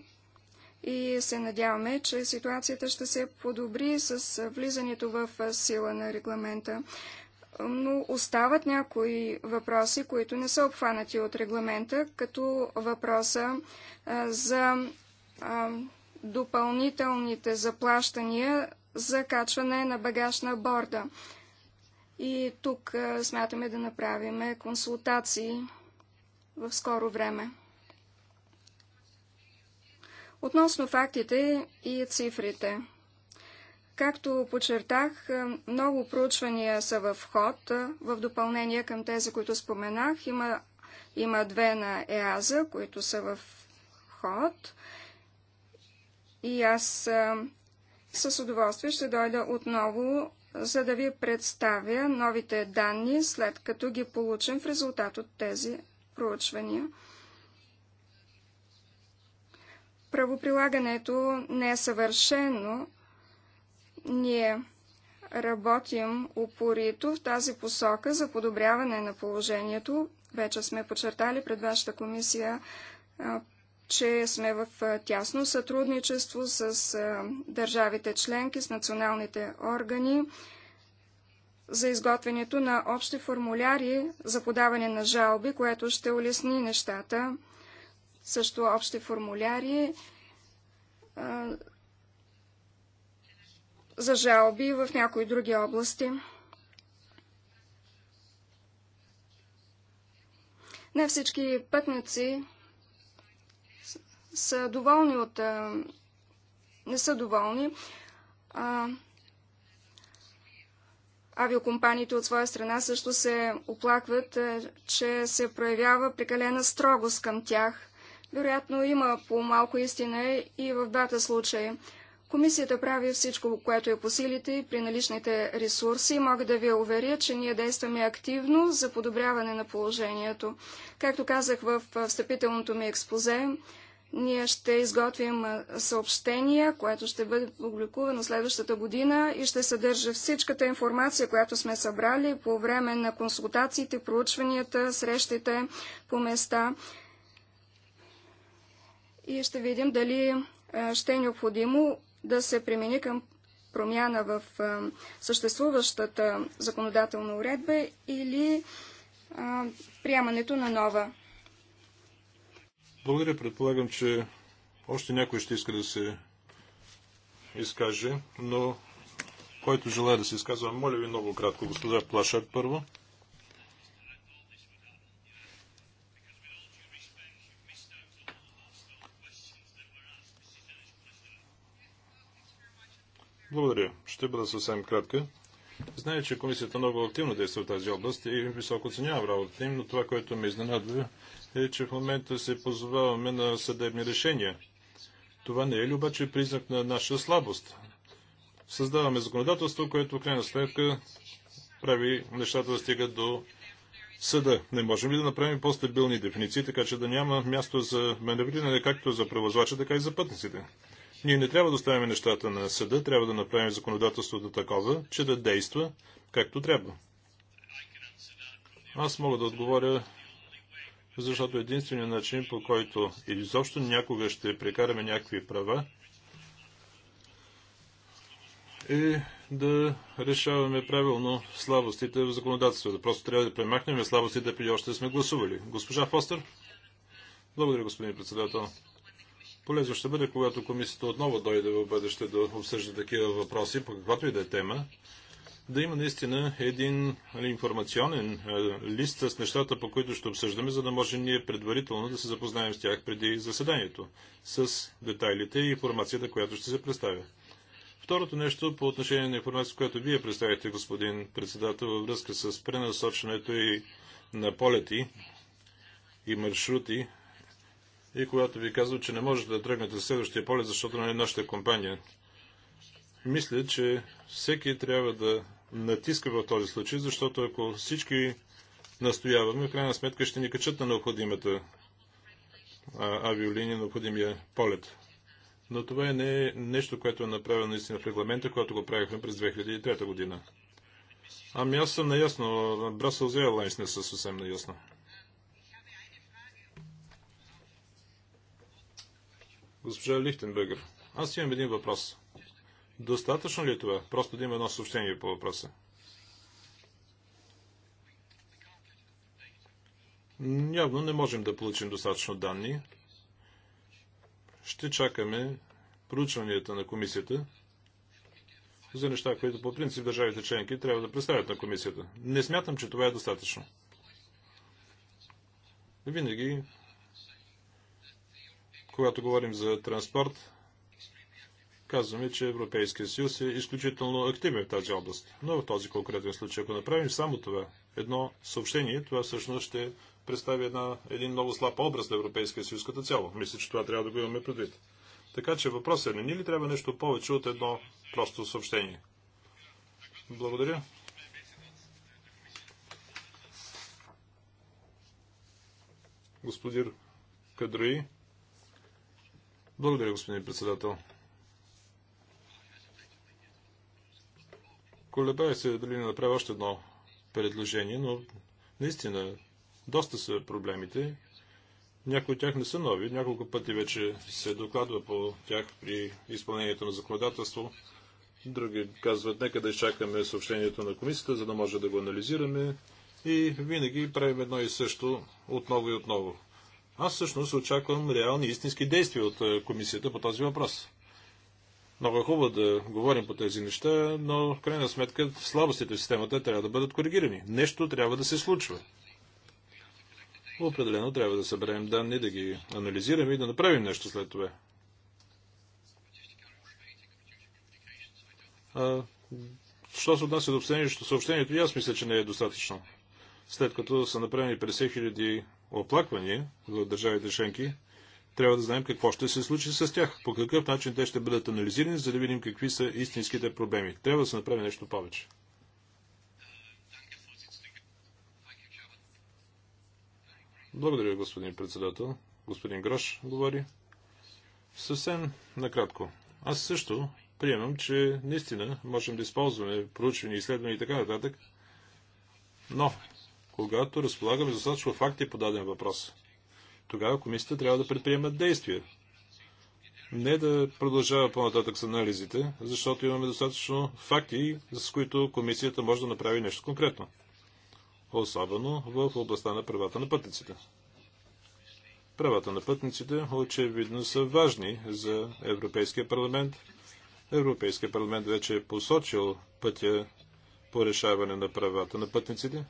И се надяваме, че ситуацията ще се подобри с влизането в сила на регламента но остават някои въпроси, които не са обхванати от регламента, като въпроса за допълнителните заплащания за качване на багаж на борда. И тук смятаме да направим консултации в скоро време. Относно фактите и цифрите. Както почертах, е, много проучвания са в ход, е, в допълнение към тези, които споменах. Има, има две на ЕАЗа, които са в ход. И аз е, с удоволствие ще дойда отново, за да ви представя новите данни, след като ги получим в резултат от тези проучвания. Правоприлагането не е съвършено, ние работим упорито в тази посока за подобряване на положението. Вече сме подчертали пред вашата комисия, че сме в тясно сътрудничество с държавите членки, с националните органи за изготвянето на общи формуляри за подаване на жалби, което ще улесни нещата. Също общи формуляри за жалби в някои други области. Не всички пътници са доволни от... не са доволни. А, авиокомпаниите от своя страна също се оплакват, че се проявява прекалена строгост към тях. Вероятно има по-малко истина и в двата случая. Комисията прави всичко, което е по силите и при наличните ресурси. Мога да ви уверя, че ние действаме активно за подобряване на положението. Както казах в встъпителното ми експозе, ние ще изготвим съобщение, което ще бъде публикувано следващата година и ще съдържа всичката информация, която сме събрали по време на консултациите, проучванията, срещите по места. И ще видим дали ще е необходимо да се премини към промяна в съществуващата законодателна уредба или приемането на нова. Благодаря. Предполагам, че още някой ще иска да се изкаже, но който желая да се изказва, моля ви много кратко. Госпожа Плашак първо. Благодаря. Ще бъда съвсем кратка. Знае, че комисията много активно действа в тази област и високо оценявам работата им, но това, което ме изненадва е, че в момента се позоваваме на съдебни решения. Това не е ли обаче признак на наша слабост? Създаваме законодателство, което в крайна сметка прави нещата да стигат до съда. Не можем ли да направим по-стабилни дефиниции, така че да няма място за маневриране както за превозвача, така и за пътниците? Ние не трябва да оставяме нещата на съда, трябва да направим законодателството такова, че да действа както трябва. Аз мога да отговоря, защото единственият начин, по който или изобщо някога ще прекараме някакви права, е да решаваме правилно слабостите в законодателството. Просто трябва да премахнем слабостите, преди още сме гласували. Госпожа Фостер? Благодаря, господин председател. Полезно ще бъде, когато комисията отново дойде в бъдеще да обсъжда такива въпроси, по каквато и да е тема, да има наистина един нали, информационен е, лист с нещата, по които ще обсъждаме, за да може ние предварително да се запознаем с тях преди заседанието, с детайлите и информацията, която ще се представя. Второто нещо по отношение на информацията, която вие представяте, господин председател, във връзка с пренасочването и на полети и маршрути и когато ви казвам, че не можете да тръгнете за следващия полет, защото не е нашата компания. Мисля, че всеки трябва да натиска в този случай, защото ако всички настояваме, в крайна сметка ще ни качат на необходимата авиолиния, необходимия полет. Но това е не е нещо, което е направено наистина в регламента, когато го правихме през 2003 година. Ами аз съм наясно. Brussels Airlines не са съвсем наясно. Госпожа Лихтенбергер, аз имам един въпрос. Достатъчно ли е това? Просто да има едно съобщение по въпроса. Явно не можем да получим достатъчно данни. Ще чакаме проучванията на комисията за неща, които по принцип държавите членки трябва да представят на комисията. Не смятам, че това е достатъчно. Винаги когато говорим за транспорт, казваме, че Европейския съюз е изключително активен в тази област. Но в този конкретен случай, ако направим само това, едно съобщение, това всъщност ще представи една, един много слаб образ на Европейския съюз като цяло. Мисля, че това трябва да го имаме предвид. Така че въпросът е, не ни ли трябва нещо повече от едно просто съобщение? Благодаря. Господин Кадрои. Благодаря, господин председател. Колебая се дали не направя още едно предложение, но наистина доста са проблемите. Някои от тях не са нови. Няколко пъти вече се докладва по тях при изпълнението на законодателство. Други казват, нека да изчакаме съобщението на комисията, за да може да го анализираме. И винаги правим едно и също отново и отново. Аз всъщност очаквам реални истински действия от е, комисията по този въпрос. Много е хубаво да говорим по тези неща, но в крайна сметка слабостите в системата трябва да бъдат коригирани. Нещо трябва да се случва. Определено трябва да съберем данни, да ги анализираме и да направим нещо след това. А, що се отнася до съобщението, и аз мисля, че не е достатъчно. След като са направени 50 000 оплаквания за държавите членки, трябва да знаем какво ще се случи с тях, по какъв начин те ще бъдат анализирани, за да видим какви са истинските проблеми. Трябва да се направи нещо повече. Благодаря, господин председател. Господин Грош говори. Съвсем накратко. Аз също приемам, че наистина можем да използваме проучвания, изследвания и така нататък, но когато разполагаме достатъчно факти по даден въпрос. Тогава комисията трябва да предприема действия. Не да продължава по-нататък с анализите, защото имаме достатъчно факти, с които комисията може да направи нещо конкретно. Особено в областта на правата на пътниците. Правата на пътниците очевидно са важни за Европейския парламент. Европейския парламент вече е посочил пътя по решаване на правата на пътниците.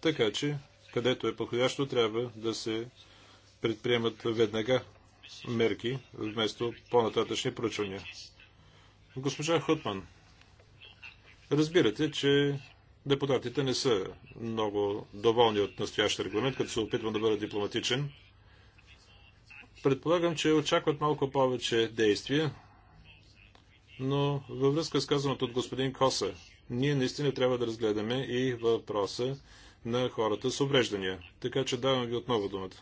Така че, където е подходящо, трябва да се предприемат веднага мерки вместо по-нататъчни проучвания. Госпожа Хотман, разбирате, че депутатите не са много доволни от настоящия регламент, като се опитвам да бъда дипломатичен. Предполагам, че очакват малко повече действия, но във връзка с казаното от господин Коса, ние наистина трябва да разгледаме и въпроса на хората с увреждания. Така че давам ви отново думата.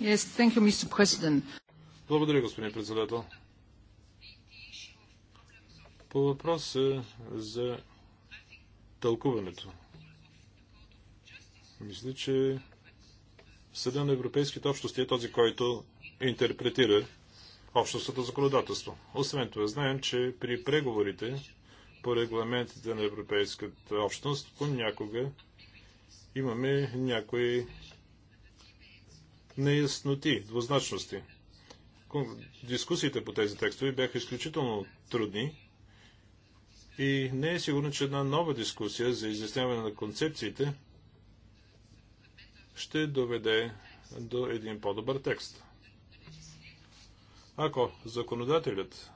Yes, thank you, Mr. President. Благодаря, господин председател. По въпроса за тълкуването. Мисля, че Съда на Европейските общности е този, който интерпретира общностното законодателство. Освен това, знаем, че при преговорите по регламентите на Европейската общност понякога имаме някои неясноти, двузначности. Дискусиите по тези текстове бяха изключително трудни и не е сигурно, че една нова дискусия за изясняване на концепциите ще доведе до един по-добър текст. Ако законодателят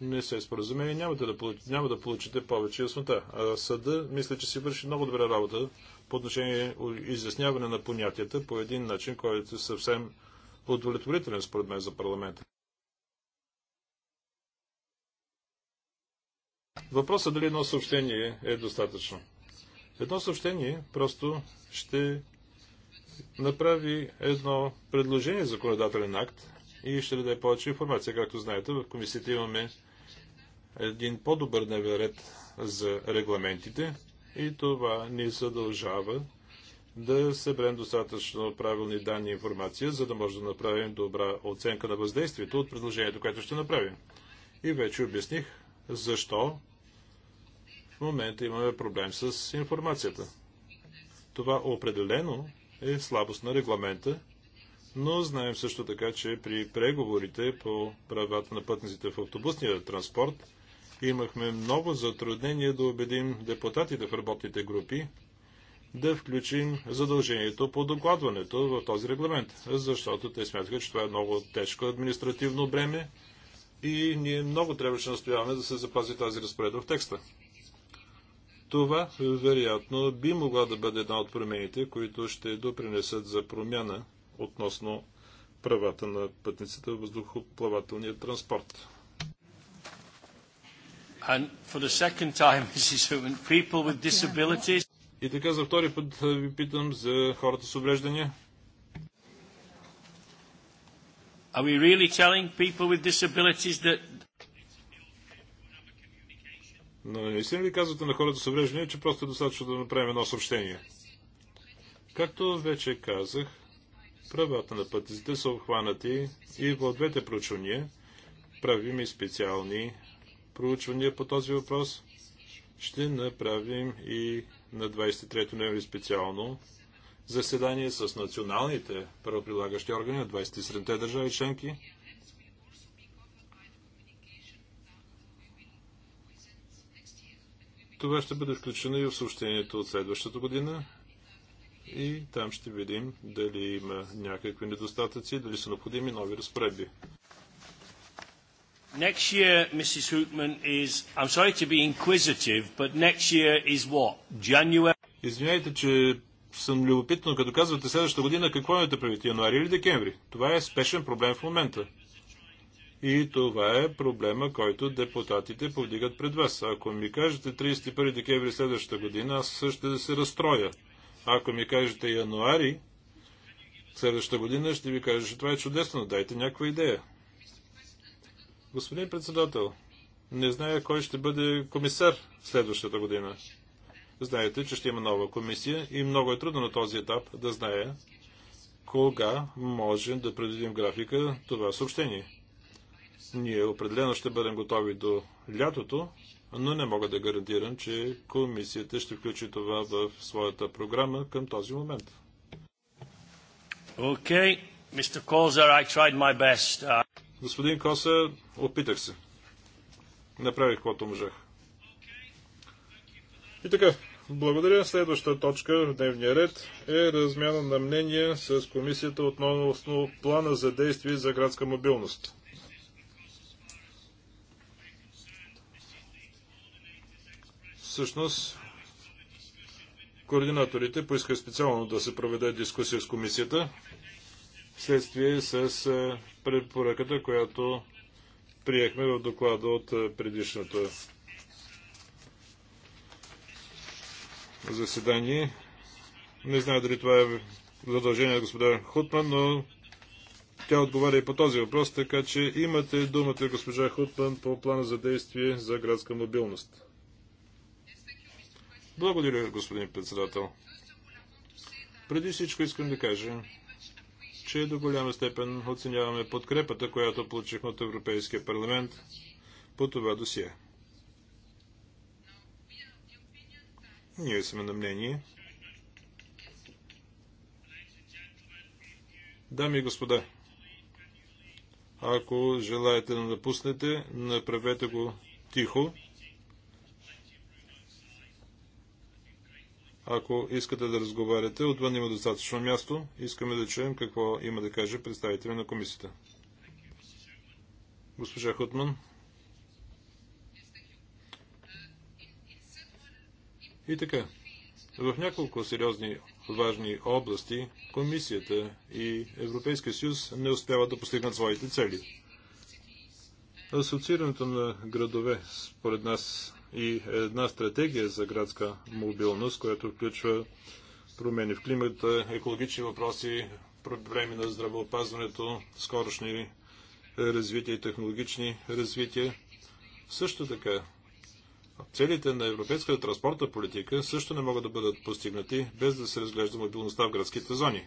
не се е споразумее, няма да, получите, няма да получите повече яснота. А съда, мисля, че си върши много добра работа по отношение изясняване на понятията по един начин, който е съвсем удовлетворителен според мен за парламента. Въпросът дали едно съобщение е достатъчно. Едно съобщение просто ще направи едно предложение за законодателен акт и ще даде повече информация. Както знаете, в комисията имаме един по-добър дневен ред за регламентите и това ни задължава да съберем достатъчно правилни данни и информация, за да може да направим добра оценка на въздействието от предложението, което ще направим. И вече обясних защо в момента имаме проблем с информацията. Това определено е слабост на регламента, но знаем също така, че при преговорите по правата на пътниците в автобусния транспорт имахме много затруднения да убедим депутатите в работните групи да включим задължението по докладването в този регламент, защото те смятаха, че това е много тежко административно бреме и ние много трябваше настояваме да се запази тази разпоредба в текста. Това, вероятно, би могла да бъде една от промените, които ще допринесат за промяна относно правата на пътниците в въздухоплавателния транспорт. Time, И така за втори път ви питам за хората с увреждания. Are we really telling people with disabilities that но не си ли казвате на хората с че просто е достатъчно да направим едно съобщение? Както вече казах, правата на пътниците са обхванати и в двете проучвания. Правим и специални проучвания по този въпрос. Ще направим и на 23 ноември специално заседание с националните правоприлагащи органи на 27-те държави членки Това ще бъде включено и в съобщението от следващата година и там ще видим дали има някакви недостатъци, дали са необходими нови разпоредби. Next year, Mrs. is... I'm sorry to be inquisitive, but next year is what? January? Извинявайте, че съм любопитно, като казвате следващата година, какво имате правите, януари или декември? Това е спешен проблем в момента. И това е проблема, който депутатите повдигат пред вас. Ако ми кажете 31 декември следващата година, аз също ще да се разстроя. Ако ми кажете януари следващата година, ще ви кажа, че това е чудесно. Дайте някаква идея. Господин председател, не зная кой ще бъде комисар следващата година. Знаете, че ще има нова комисия и много е трудно на този етап да знае кога можем да предвидим графика това съобщение. Ние определено ще бъдем готови до лятото, но не мога да гарантирам, че комисията ще включи това в своята програма към този момент. Okay. Mr. Kozer, I tried my best. Uh... Господин Коса, опитах се. Направих каквото можах. И така, благодаря. Следващата точка в дневния ред е размяна на мнения с комисията относно плана за действие за градска мобилност. Всъщност, координаторите поискаха специално да се проведе дискусия с комисията, следствие с препоръката, която приехме в доклада от предишното заседание. Не знам дали това е задължение на господа Хутман, но тя отговаря и по този въпрос, така че имате думата, госпожа Хутман, по плана за действие за градска мобилност. Благодаря, господин председател. Преди всичко искам да кажа, че до голяма степен оценяваме подкрепата, която получихме от Европейския парламент по това досие. Ние сме на мнение. Дами и господа, ако желаете да напуснете, направете го тихо. Ако искате да разговаряте, отвън има достатъчно място. Искаме да чуем какво има да каже представителя на комисията. Госпожа Хутман. И така, в няколко сериозни важни области комисията и Европейския съюз не успяват да постигнат своите цели. Асоциирането на градове, според нас, и една стратегия за градска мобилност, която включва промени в климата, екологични въпроси, проблеми на здравеопазването, скорошни развития и технологични развития. Също така, целите на европейската транспортна политика също не могат да бъдат постигнати без да се разглежда мобилността в градските зони.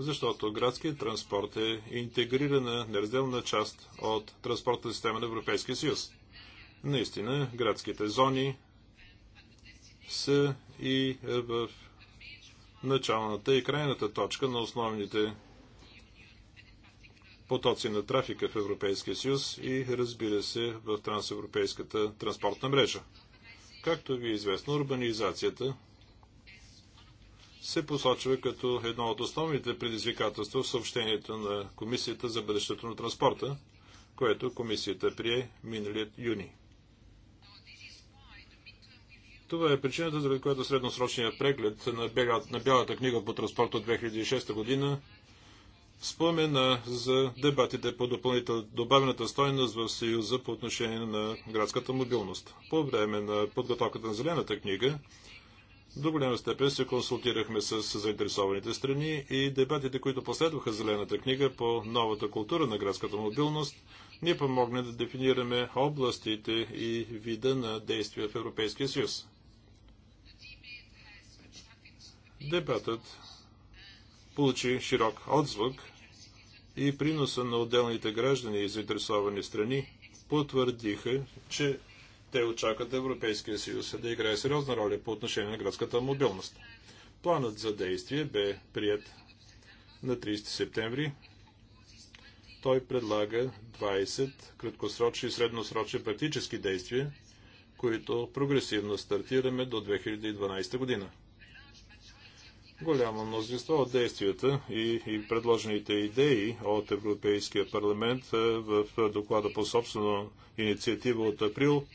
Защото градският транспорт е интегрирана неразделна част от транспортната система на Европейския съюз. Наистина, градските зони са и е, в началната и крайната точка на основните потоци на трафика в Европейския съюз и разбира се в трансевропейската транспортна мрежа. Както ви е известно, урбанизацията се посочва като едно от основните предизвикателства в съобщението на Комисията за бъдещето на транспорта, което комисията прие миналият юни. Това е причината, заради която средносрочният преглед на, на Бялата книга по транспорт от 2006 година спомена за дебатите по добавената стойност в Съюза по отношение на градската мобилност. По време на подготовката на Зелената книга до голяма степен се консултирахме с заинтересованите страни и дебатите, които последваха Зелената книга по новата култура на градската мобилност, ни помогна да дефинираме областите и вида на действия в Европейския съюз. Дебатът получи широк отзвук и приноса на отделните граждани и заинтересовани страни потвърдиха, че те очакват Европейския съюз да играе сериозна роля по отношение на градската мобилност. Планът за действие бе прият на 30 септември. Той предлага 20 краткосрочни и средносрочни практически действия, които прогресивно стартираме до 2012 година голямо мнозинство от действията и, и предложените идеи от Европейския парламент е, в доклада по собствена инициатива от април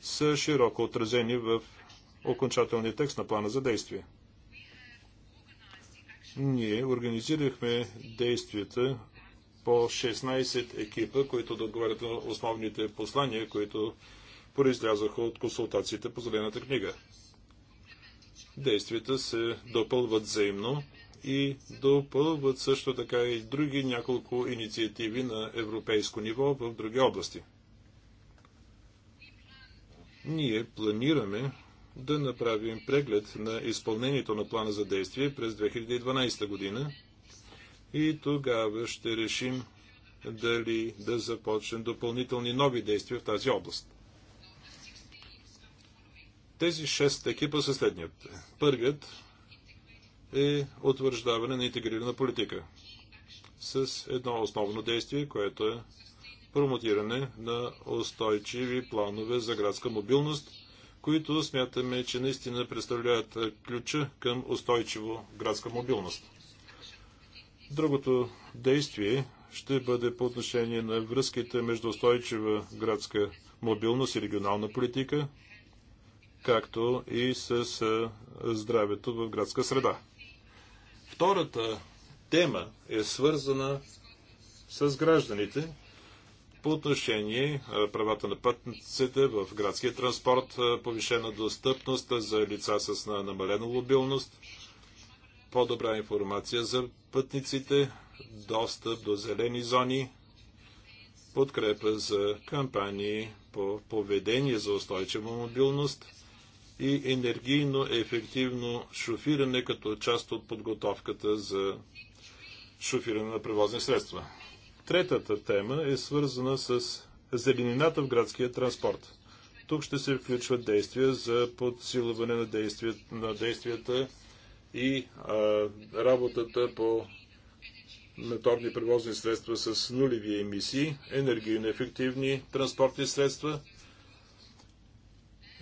са широко отразени в окончателния текст на плана за действие. Ние организирахме действията по 16 екипа, които да отговарят на основните послания, които произлязаха от консултациите по Зелената книга действията се допълват взаимно и допълват също така и други няколко инициативи на европейско ниво в други области. Ние планираме да направим преглед на изпълнението на плана за действие през 2012 година и тогава ще решим дали да започнем допълнителни нови действия в тази област. Тези шест екипа са следният. Първият е утвърждаване на интегрирана политика с едно основно действие, което е промотиране на устойчиви планове за градска мобилност, които смятаме, че наистина представляват ключа към устойчиво градска мобилност. Другото действие ще бъде по отношение на връзките между устойчива градска мобилност и регионална политика, както и с здравето в градска среда. Втората тема е свързана с гражданите по отношение правата на пътниците в градския транспорт, повишена достъпност за лица с намалена мобилност, по-добра информация за пътниците, достъп до зелени зони, подкрепа за кампании по поведение за устойчива мобилност – и енергийно ефективно шофиране като част от подготовката за шофиране на превозни средства. Третата тема е свързана с зеленината в градския транспорт. Тук ще се включват действия за подсилване на, действия, на действията и а, работата по моторни превозни средства с нулеви емисии, енергийно ефективни транспортни средства –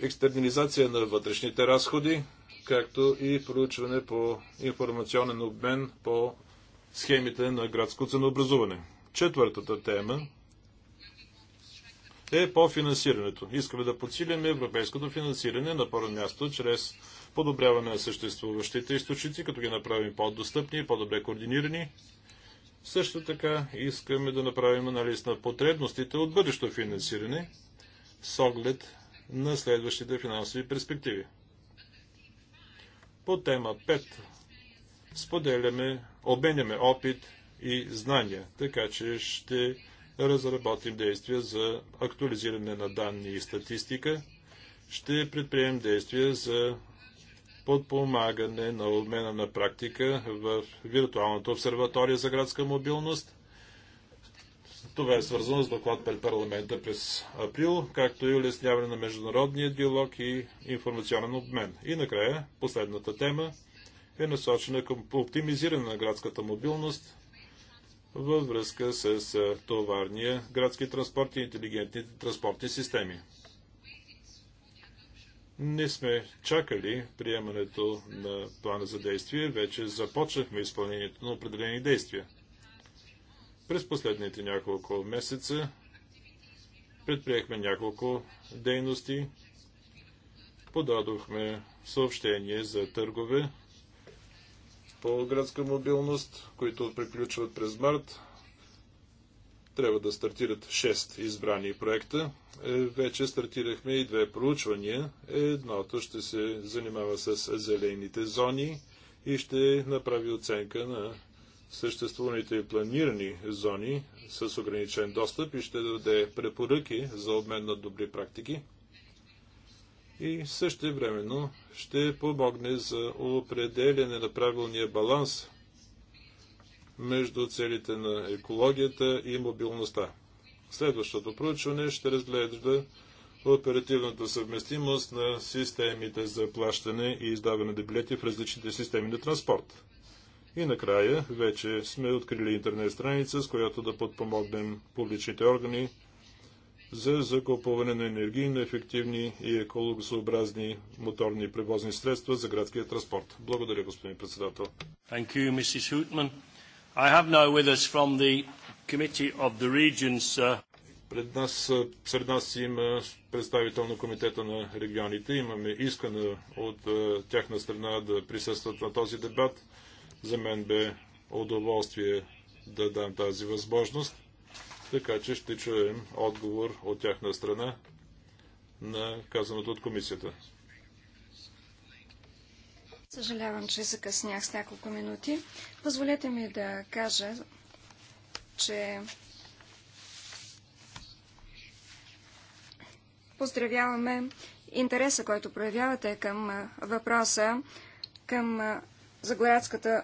екстернализация на вътрешните разходи, както и проучване по информационен обмен по схемите на градско ценообразуване. Четвъртата тема е по финансирането. Искаме да подсилим европейското финансиране на първо място чрез подобряване на съществуващите източници, като ги направим по-достъпни и по-добре координирани. Също така искаме да направим анализ на потребностите от бъдещо финансиране с оглед на следващите финансови перспективи. По тема 5 споделяме, обменяме опит и знания, така че ще разработим действия за актуализиране на данни и статистика, ще предприемем действия за подпомагане на обмена на практика в виртуалната обсерватория за градска мобилност това е свързано с доклад пред парламента през април, както и улесняване на международния диалог и информационен обмен. И накрая, последната тема е насочена към оптимизиране на градската мобилност във връзка с товарния градски транспорт и интелигентните транспортни системи. Не сме чакали приемането на плана за действие, вече започнахме изпълнението на определени действия – през последните няколко месеца предприехме няколко дейности. Подадохме съобщение за търгове по градска мобилност, които приключват през март. Трябва да стартират 6 избрани проекта. Е, вече стартирахме и две проучвания. Едното ще се занимава с зелените зони и ще направи оценка на съществуваните и планирани зони с ограничен достъп и ще даде препоръки за обмен на добри практики и също времено ще помогне за определене на правилния баланс между целите на екологията и мобилността. Следващото проучване ще разглежда оперативната съвместимост на системите за плащане и издаване на билети в различните системи на транспорт. И накрая вече сме открили интернет страница, с която да подпомогнем публичните органи за закупуване на енергийно ефективни и екологосъобразни моторни превозни средства за градския транспорт. Благодаря, господин председател. Thank you, Mrs. Hootman. I have now with us from the Committee of the Regions uh, Пред нас, сред нас има представител на Комитета на регионите. Имаме искане от е, тяхна страна да присъстват на този дебат. За мен бе удоволствие да дам тази възможност, така че ще чуем отговор от тяхна страна на казаното от комисията. Съжалявам, че закъснях с няколко минути. Позволете ми да кажа, че поздравяваме интереса, който проявявате към въпроса, към за градската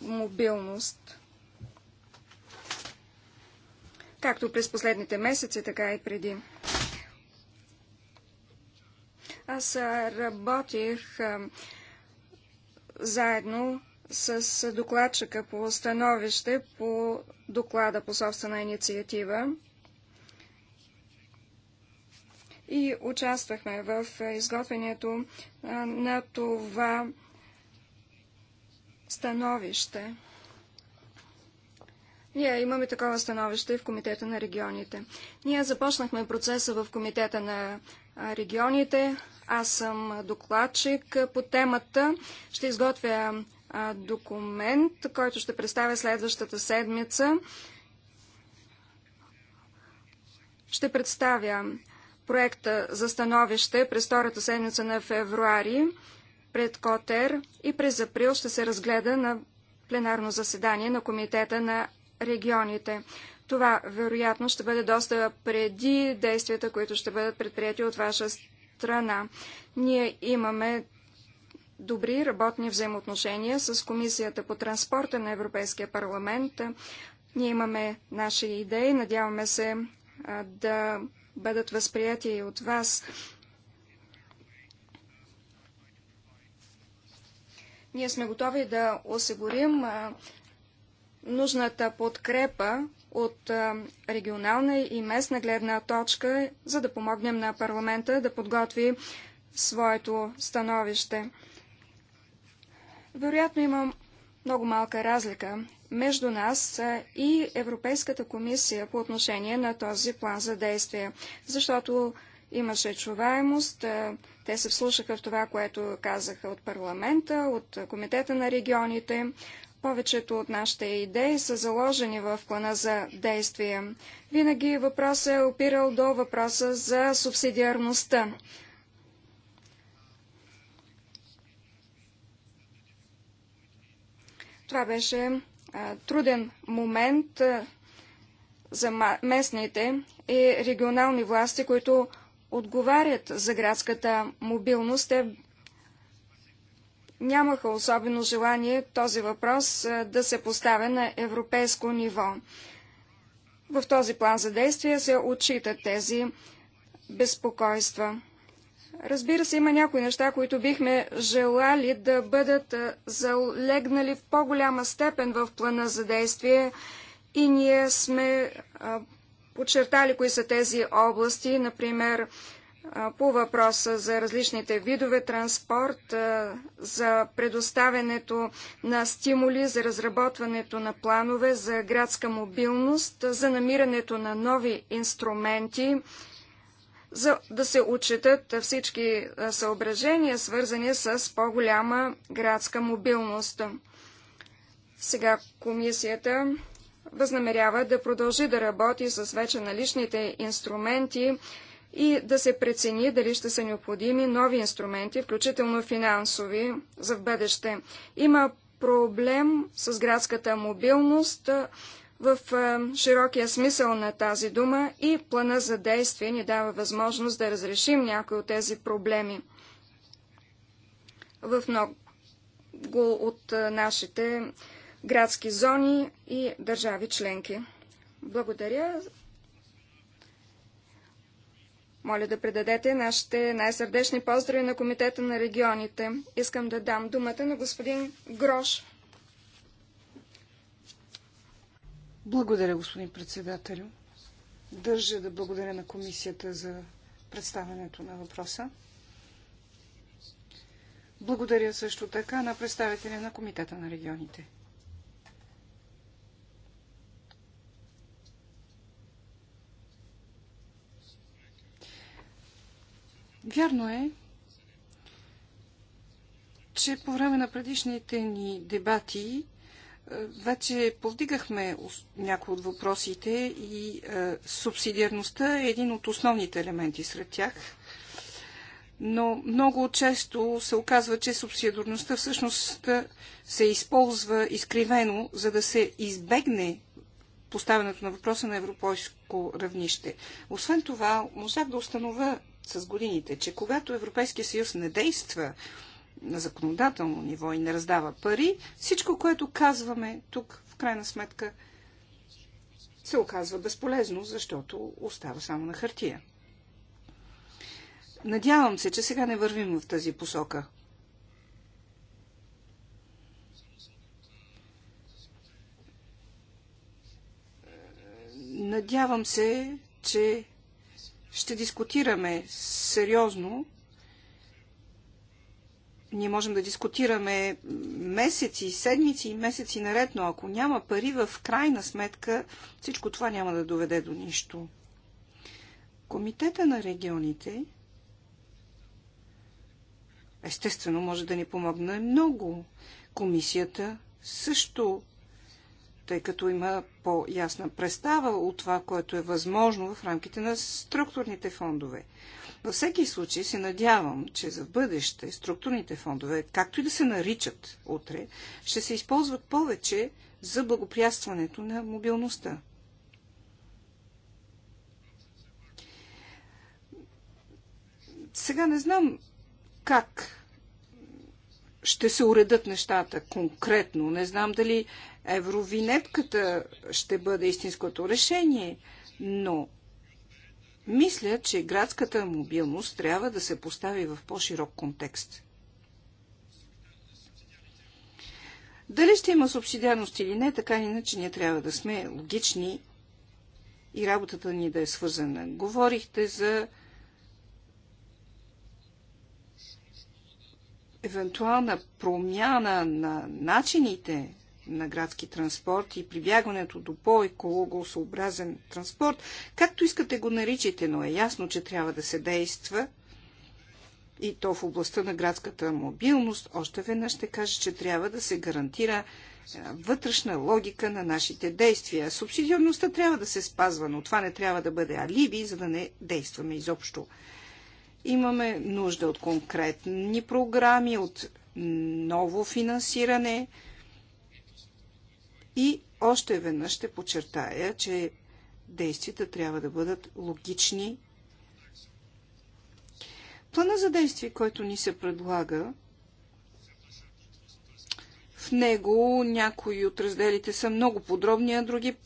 мобилност. Както през последните месеци, така и преди. Аз работих заедно с докладчика по становище по доклада по собствена инициатива и участвахме в изготвянето на това становище. Ние имаме такова становище и в Комитета на регионите. Ние започнахме процеса в Комитета на регионите. Аз съм докладчик по темата. Ще изготвя документ, който ще представя следващата седмица. Ще представя проекта за становище през втората седмица на февруари пред Котер и през април ще се разгледа на пленарно заседание на Комитета на регионите. Това вероятно ще бъде доста преди действията, които ще бъдат предприяти от ваша страна. Ние имаме добри работни взаимоотношения с Комисията по транспорта на Европейския парламент. Ние имаме наши идеи, надяваме се да бъдат възприяти и от вас. Ние сме готови да осигурим нужната подкрепа от регионална и местна гледна точка, за да помогнем на парламента да подготви своето становище. Вероятно има много малка разлика между нас и Европейската комисия по отношение на този план за действие, защото имаше чуваемост. Е, те се вслушаха в това, което казаха от парламента, от Комитета на регионите. Повечето от нашите идеи са заложени в плана за действие. Винаги въпросът е опирал до въпроса за субсидиарността. Това беше е, труден момент е, за местните и регионални власти, които отговарят за градската мобилност. Те нямаха особено желание този въпрос да се поставя на европейско ниво. В този план за действие се отчитат тези безпокойства. Разбира се, има някои неща, които бихме желали да бъдат залегнали в по-голяма степен в плана за действие и ние сме подчертали кои са тези области, например по въпроса за различните видове транспорт, за предоставянето на стимули за разработването на планове за градска мобилност, за намирането на нови инструменти, за да се отчитат всички съображения, свързани с по-голяма градска мобилност. Сега комисията възнамерява да продължи да работи с вече наличните инструменти и да се прецени дали ще са необходими нови инструменти, включително финансови, за в бъдеще. Има проблем с градската мобилност в широкия смисъл на тази дума и плана за действие ни дава възможност да разрешим някои от тези проблеми. В много от нашите градски зони и държави членки. Благодаря. Моля да предадете нашите най-сърдечни поздрави на Комитета на регионите. Искам да дам думата на господин Грош. Благодаря, господин председателю. Държа да благодаря на комисията за представянето на въпроса. Благодаря също така на представителя на Комитета на регионите. Вярно е, че по време на предишните ни дебати е, вече повдигахме някои от въпросите и е, субсидиарността е един от основните елементи сред тях. Но много често се оказва, че субсидиарността всъщност се използва изкривено, за да се избегне поставянето на въпроса на европейско равнище. Освен това, можах да установя с годините, че когато Европейския съюз не действа на законодателно ниво и не раздава пари, всичко, което казваме тук, в крайна сметка, се оказва безполезно, защото остава само на хартия. Надявам се, че сега не вървим в тази посока. Надявам се, че ще дискутираме сериозно. Ние можем да дискутираме месеци, седмици и месеци наред, но ако няма пари, в крайна сметка всичко това няма да доведе до нищо. Комитета на регионите естествено може да ни помогне много. Комисията също тъй като има по-ясна представа от това, което е възможно в рамките на структурните фондове. Във всеки случай се надявам, че за бъдеще структурните фондове, както и да се наричат утре, ще се използват повече за благоприятстването на мобилността. Сега не знам как ще се уредат нещата конкретно. Не знам дали Евровинетката ще бъде истинското решение, но мисля, че градската мобилност трябва да се постави в по-широк контекст. Дали ще има субсидиарност или не, така или иначе ние трябва да сме логични и работата ни да е свързана. Говорихте за евентуална промяна на начините на градски транспорт и прибягването до по-екологосообразен транспорт, както искате го наричате, но е ясно, че трябва да се действа и то в областта на градската мобилност, още веднъж ще кажа, че трябва да се гарантира е, вътрешна логика на нашите действия. Субсидиарността трябва да се спазва, но това не трябва да бъде алиби, за да не действаме изобщо. Имаме нужда от конкретни програми, от ново финансиране, и още веднъж ще подчертая, че действията трябва да бъдат логични. Плана за действие, който ни се предлага, в него някои от разделите са много подробни, а други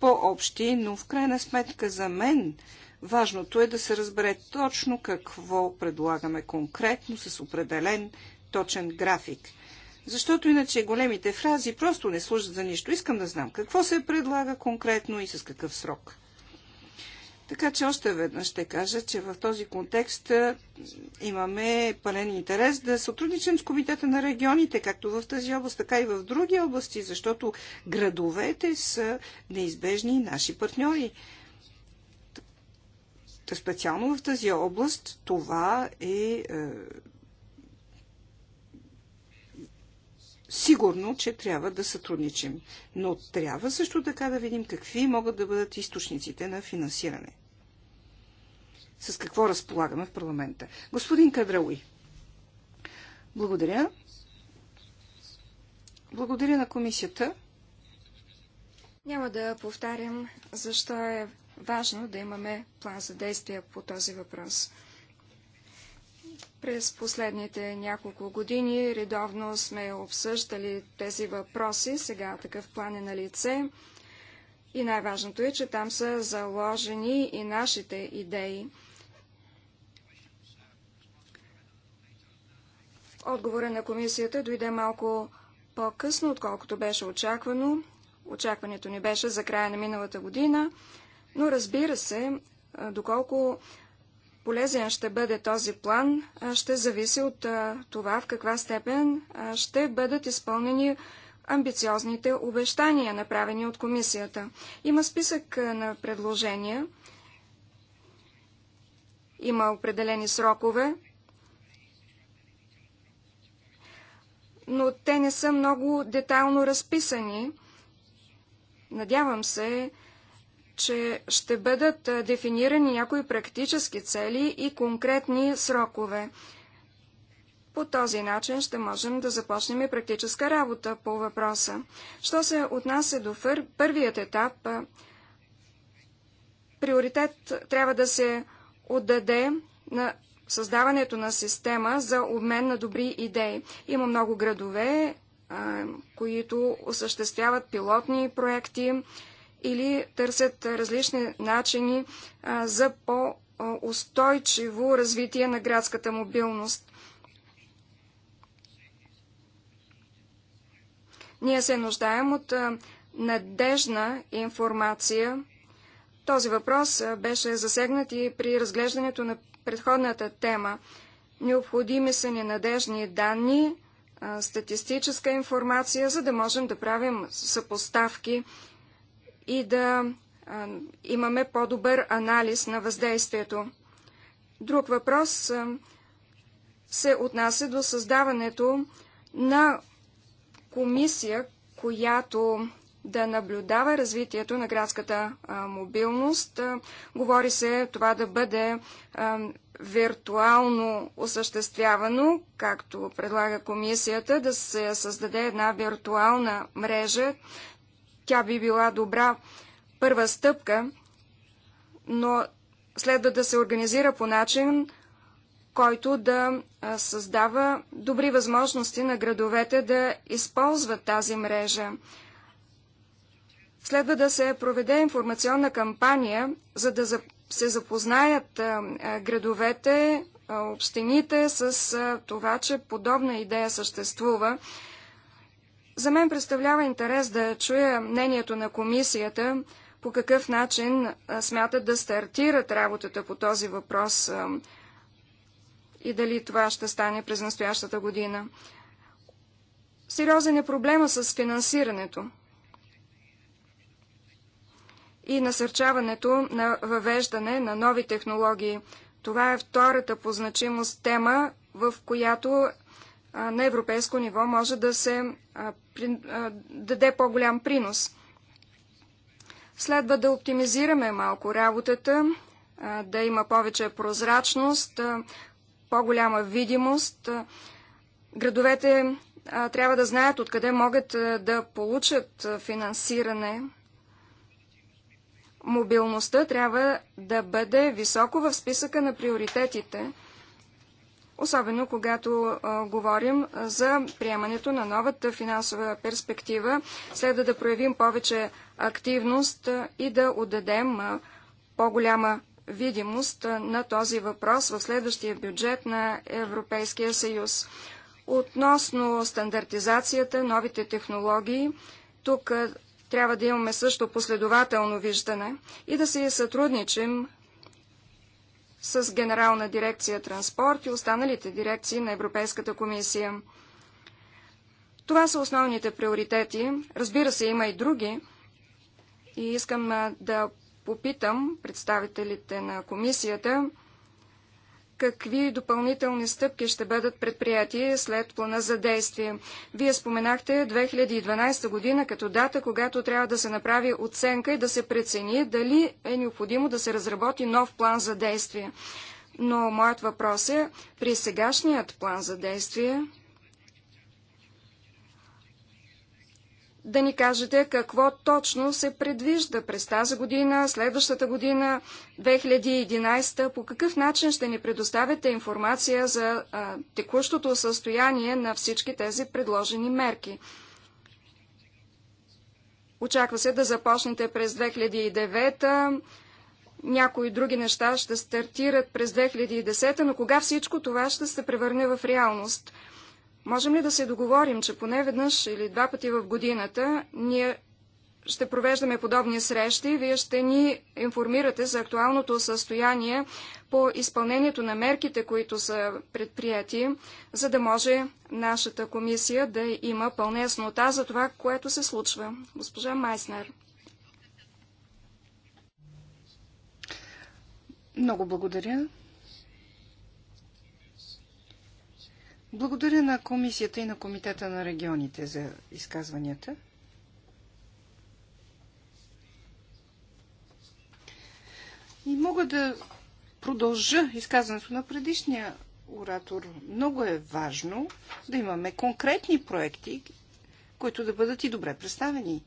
по-общи, но в крайна сметка за мен важното е да се разбере точно какво предлагаме конкретно с определен точен график – защото иначе големите фрази просто не служат за нищо. Искам да знам какво се предлага конкретно и с какъв срок. Така че още веднъж ще кажа, че в този контекст имаме пълен интерес да сътрудничим с Комитета на регионите, както в тази област, така и в други области, защото градовете са неизбежни наши партньори. Та специално в тази област това е, е сигурно, че трябва да сътрудничим. Но трябва също така да видим какви могат да бъдат източниците на финансиране. С какво разполагаме в парламента. Господин Кадрауи, благодаря. Благодаря на комисията. Няма да повтарям защо е важно да имаме план за действие по този въпрос. През последните няколко години редовно сме обсъждали тези въпроси. Сега такъв план е на лице. И най-важното е, че там са заложени и нашите идеи. Отговора на комисията дойде малко по-късно, отколкото беше очаквано. Очакването ни беше за края на миналата година, но разбира се, доколко полезен ще бъде този план, ще зависи от това в каква степен ще бъдат изпълнени амбициозните обещания, направени от комисията. Има списък на предложения, има определени срокове, но те не са много детайлно разписани. Надявам се, че ще бъдат дефинирани някои практически цели и конкретни срокове. По този начин ще можем да започнем и практическа работа по въпроса. Що се отнася до първият етап, приоритет трябва да се отдаде на създаването на система за обмен на добри идеи. Има много градове, които осъществяват пилотни проекти, или търсят различни начини за по-устойчиво развитие на градската мобилност. Ние се нуждаем от надежна информация. Този въпрос беше засегнат и при разглеждането на предходната тема. Необходими са ни надежни данни, статистическа информация, за да можем да правим съпоставки и да имаме по-добър анализ на въздействието. Друг въпрос се отнася до създаването на комисия, която да наблюдава развитието на градската мобилност. Говори се това да бъде виртуално осъществявано, както предлага комисията, да се създаде една виртуална мрежа тя би била добра първа стъпка, но следва да се организира по начин, който да създава добри възможности на градовете да използват тази мрежа. Следва да се проведе информационна кампания, за да се запознаят градовете, общините с това, че подобна идея съществува за мен представлява интерес да чуя мнението на комисията по какъв начин смятат да стартират работата по този въпрос и дали това ще стане през настоящата година. Сериозен е проблема с финансирането и насърчаването на въвеждане на нови технологии. Това е втората по значимост тема, в която на европейско ниво може да се даде по-голям принос. Следва да оптимизираме малко работата, да има повече прозрачност, по-голяма видимост. Градовете трябва да знаят откъде могат да получат финансиране. Мобилността трябва да бъде високо в списъка на приоритетите – особено когато говорим за приемането на новата финансова перспектива. Следва да проявим повече активност и да отдадем по-голяма видимост на този въпрос в следващия бюджет на Европейския съюз. Относно стандартизацията, новите технологии, тук трябва да имаме също последователно виждане и да се сътрудничим с Генерална дирекция транспорт и останалите дирекции на Европейската комисия. Това са основните приоритети. Разбира се, има и други. И искам да попитам представителите на комисията какви допълнителни стъпки ще бъдат предприяти след плана за действие. Вие споменахте 2012 година като дата, когато трябва да се направи оценка и да се прецени дали е необходимо да се разработи нов план за действие. Но моят въпрос е, при сегашният план за действие, да ни кажете какво точно се предвижда през тази година, следващата година, 2011, по какъв начин ще ни предоставите информация за а, текущото състояние на всички тези предложени мерки. Очаква се да започнете през 2009, някои други неща ще стартират през 2010, но кога всичко това ще се превърне в реалност – Можем ли да се договорим, че поне веднъж или два пъти в годината ние ще провеждаме подобни срещи, вие ще ни информирате за актуалното състояние по изпълнението на мерките, които са предприяти, за да може нашата комисия да има пълна яснота за това, което се случва. Госпожа Майснер. Много благодаря. Благодаря на комисията и на комитета на регионите за изказванията. И мога да продължа изказването на предишния оратор. Много е важно да имаме конкретни проекти, които да бъдат и добре представени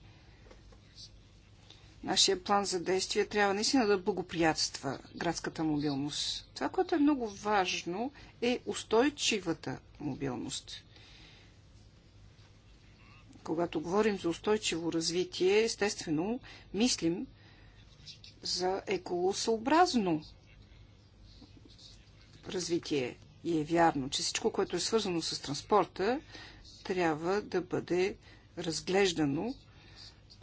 нашия план за действие трябва наистина да благоприятства градската мобилност. Това, което е много важно, е устойчивата мобилност. Когато говорим за устойчиво развитие, естествено, мислим за еколосъобразно развитие. И е вярно, че всичко, което е свързано с транспорта, трябва да бъде разглеждано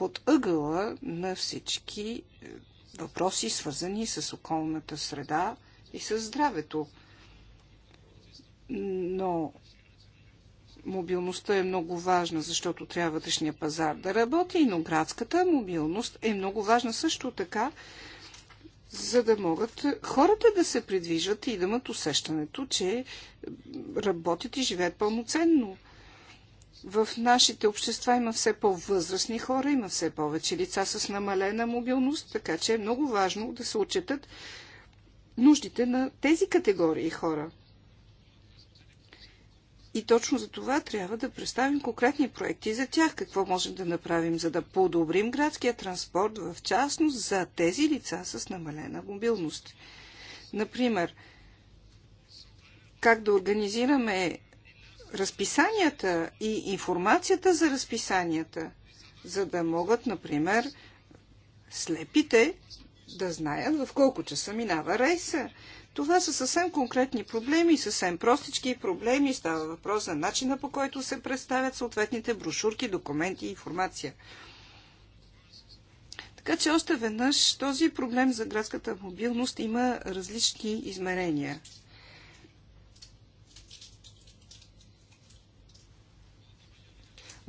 под ъгъла на всички е, въпроси, свързани с околната среда и с здравето. Но мобилността е много важна, защото трябва вътрешния пазар да работи, но градската мобилност е много важна също така, за да могат хората да се придвижват и да имат усещането, че работят и живеят пълноценно в нашите общества има все по-възрастни хора, има все повече лица с намалена мобилност, така че е много важно да се отчетат нуждите на тези категории хора. И точно за това трябва да представим конкретни проекти за тях. Какво можем да направим, за да подобрим градския транспорт, в частност за тези лица с намалена мобилност. Например, как да организираме разписанията и информацията за разписанията, за да могат, например, слепите да знаят в колко часа минава рейса. Това са съвсем конкретни проблеми, съвсем простички проблеми. Става въпрос за начина по който се представят съответните брошурки, документи и информация. Така че още веднъж този проблем за градската мобилност има различни измерения.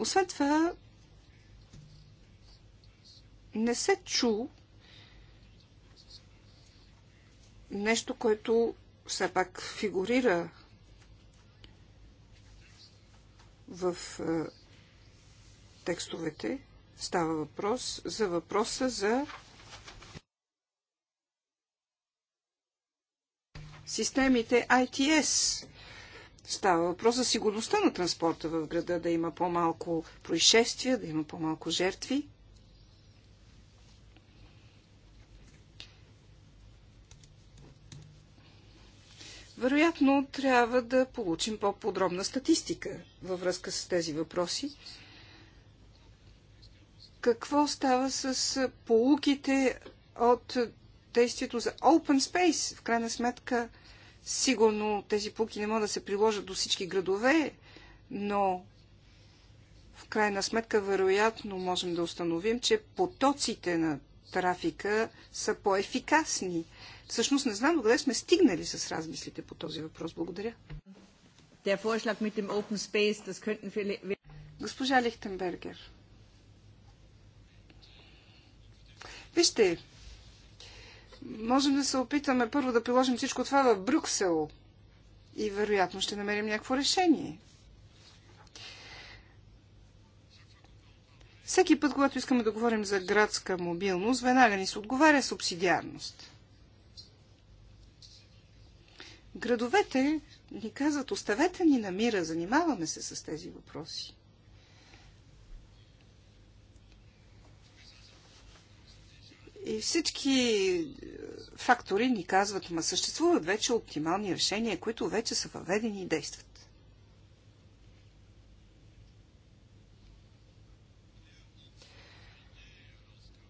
Освен това, не се чу нещо, което все пак фигурира в е, текстовете. Става въпрос за въпроса за системите ITS, Става въпрос за сигурността на транспорта в града, да има по-малко происшествия, да има по-малко жертви. Вероятно, трябва да получим по-подробна статистика във връзка с тези въпроси. Какво става с полуките от действието за Open Space? В крайна сметка, Сигурно тези пуки не могат да се приложат до всички градове, но в крайна сметка вероятно можем да установим, че потоците на трафика са по-ефикасни. Всъщност не знам докъде сме стигнали с размислите по този въпрос. Благодаря. Госпожа Лихтенбергер. Вижте, можем да се опитаме първо да приложим всичко това в Брюксел и вероятно ще намерим някакво решение. Всеки път, когато искаме да говорим за градска мобилност, веднага ни се отговаря субсидиарност. Градовете ни казват, оставете ни на мира, занимаваме се с тези въпроси. И всички е, фактори ни казват, ма съществуват вече оптимални решения, които вече са въведени и действат.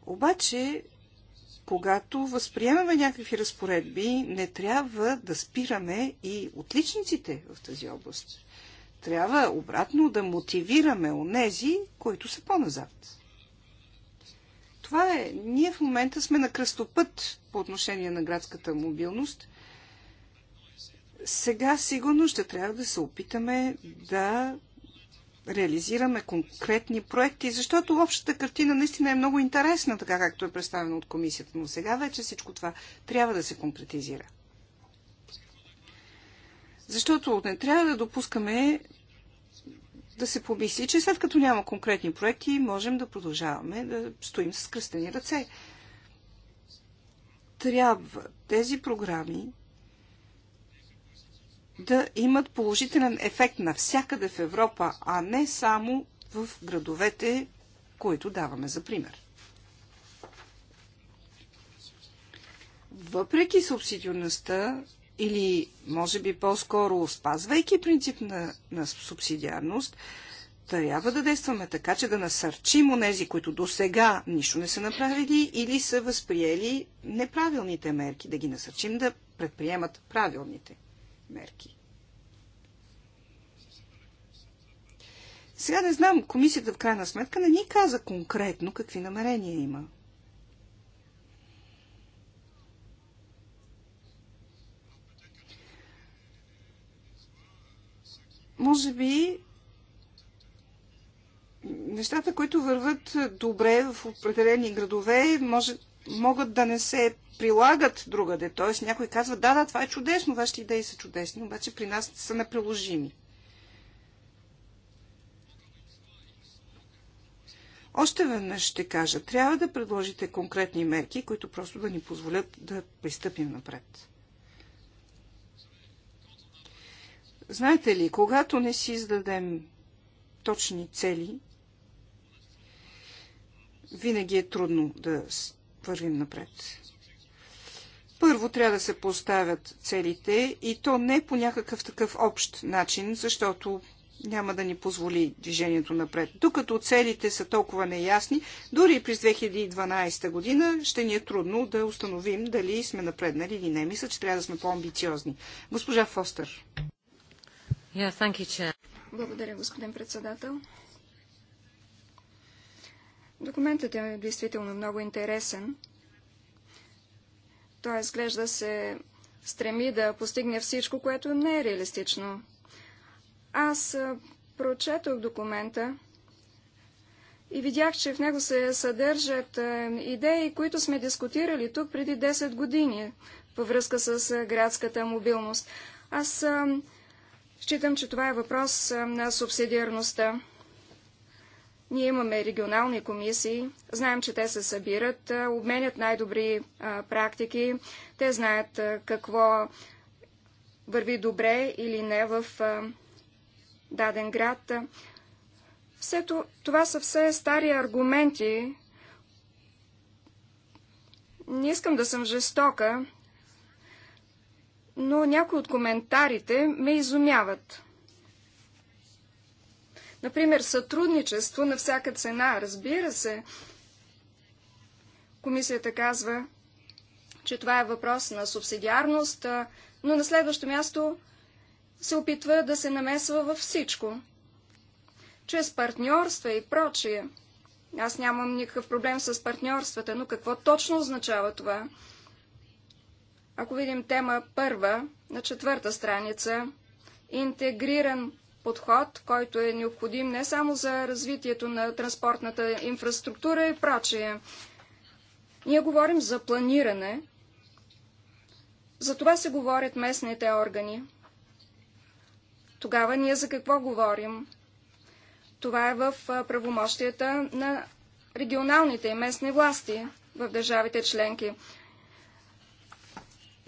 Обаче, когато възприемаме някакви разпоредби, не трябва да спираме и отличниците в тази област. Трябва обратно да мотивираме онези, които са по-назад това е. Ние в момента сме на кръстопът по отношение на градската мобилност. Сега сигурно ще трябва да се опитаме да реализираме конкретни проекти, защото общата картина наистина е много интересна, така както е представена от комисията, но сега вече всичко това трябва да се конкретизира. Защото не трябва да допускаме да се помисли, че след като няма конкретни проекти, можем да продължаваме да стоим с кръстени ръце. Трябва тези програми да имат положителен ефект навсякъде в Европа, а не само в градовете, които даваме за пример. Въпреки субсидионността или може би по-скоро спазвайки принцип на, на субсидиарност, трябва да действаме така, че да насърчим онези, които до сега нищо не са направили или са възприели неправилните мерки, да ги насърчим да предприемат правилните мерки. Сега не знам, комисията в крайна сметка не ни каза конкретно какви намерения има. Може би нещата, които върват добре в определени градове, може, могат да не се прилагат другаде. Т.е. някой казва, да, да, това е чудесно, вашите идеи са чудесни, обаче при нас са неприложими. Още веднъж ще кажа, трябва да предложите конкретни мерки, които просто да ни позволят да пристъпим напред. Знаете ли, когато не си издадем точни цели, винаги е трудно да вървим напред. Първо трябва да се поставят целите и то не по някакъв такъв общ начин, защото няма да ни позволи движението напред. Докато целите са толкова неясни, дори през 2012 година ще ни е трудно да установим дали сме напреднали или не. Мисля, че трябва да сме по-амбициозни. Госпожа Фостер. Благодаря, господин председател. Документът е действително много интересен. Той изглежда се стреми да постигне всичко, което не е реалистично. Аз прочетох документа и видях, че в него се съдържат идеи, които сме дискутирали тук преди 10 години във връзка с градската мобилност. Аз Считам, че това е въпрос на субсидиарността. Ние имаме регионални комисии, знаем, че те се събират, обменят най-добри практики, те знаят какво върви добре или не в даден град. Все това са все стари аргументи. Не искам да съм жестока, но някои от коментарите ме изумяват. Например, сътрудничество на всяка цена, разбира се. Комисията казва, че това е въпрос на субсидиарност, но на следващо място се опитва да се намесва във всичко. Чрез партньорства и прочие. Аз нямам никакъв проблем с партньорствата, но какво точно означава това? Ако видим тема първа, на четвърта страница, интегриран подход, който е необходим не само за развитието на транспортната инфраструктура и прочее. Ние говорим за планиране. За това се говорят местните органи. Тогава ние за какво говорим? Това е в правомощията на регионалните и местни власти в държавите членки.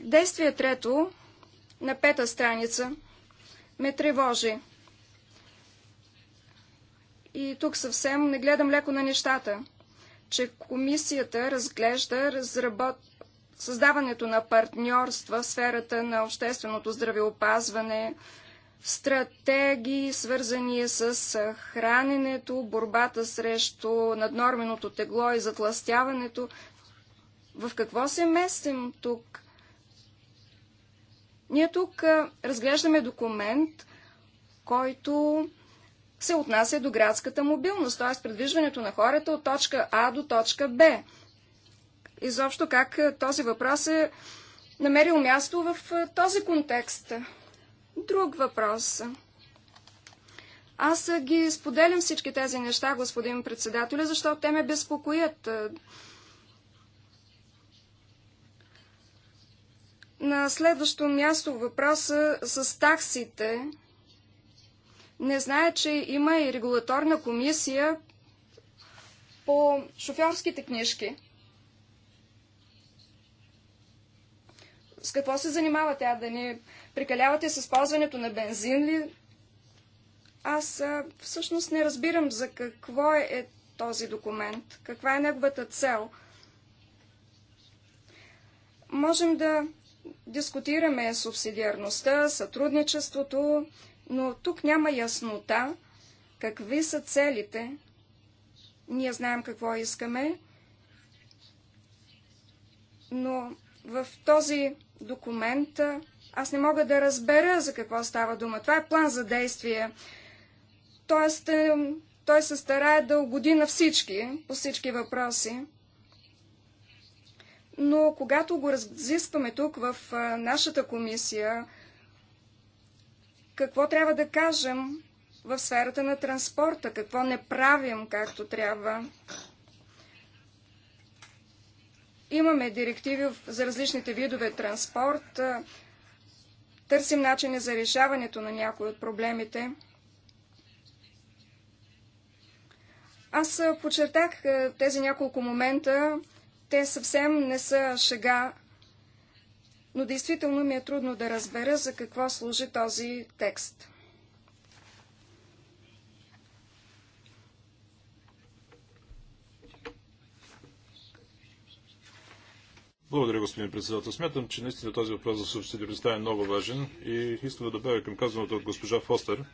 Действие трето на пета страница ме тревожи. И тук съвсем не гледам леко на нещата, че комисията разглежда разработ... създаването на партньорства в сферата на общественото здравеопазване, стратегии, свързани с храненето, борбата срещу наднорменото тегло и затластяването. В какво се местим тук? Ние тук разглеждаме документ, който се отнася до градската мобилност, т.е. предвижването на хората от точка А до точка Б. Изобщо как този въпрос е намерил място в този контекст. Друг въпрос. Аз ги споделям всички тези неща, господин председател, защото те ме безпокоят. На следващо място въпроса с таксите. Не зная, че има и регулаторна комисия по шофьорските книжки. С какво се занимава тя? Да ни прикалявате с ползването на бензин ли? Аз всъщност не разбирам за какво е този документ, каква е неговата цел. Можем да дискутираме субсидиарността, сътрудничеството, но тук няма яснота какви са целите. Ние знаем какво искаме, но в този документ аз не мога да разбера за какво става дума. Това е план за действие. Тоест, той се старае да угоди на всички, по всички въпроси но когато го разискваме тук в нашата комисия, какво трябва да кажем в сферата на транспорта, какво не правим както трябва. Имаме директиви за различните видове транспорт, търсим начини за решаването на някои от проблемите. Аз подчертах тези няколко момента те съвсем не са шега, но действително ми е трудно да разбера за какво служи този текст. Благодаря, господин председател. Смятам, че наистина този въпрос за субсидиарността е много важен и искам да добавя към казаното от госпожа Фостер,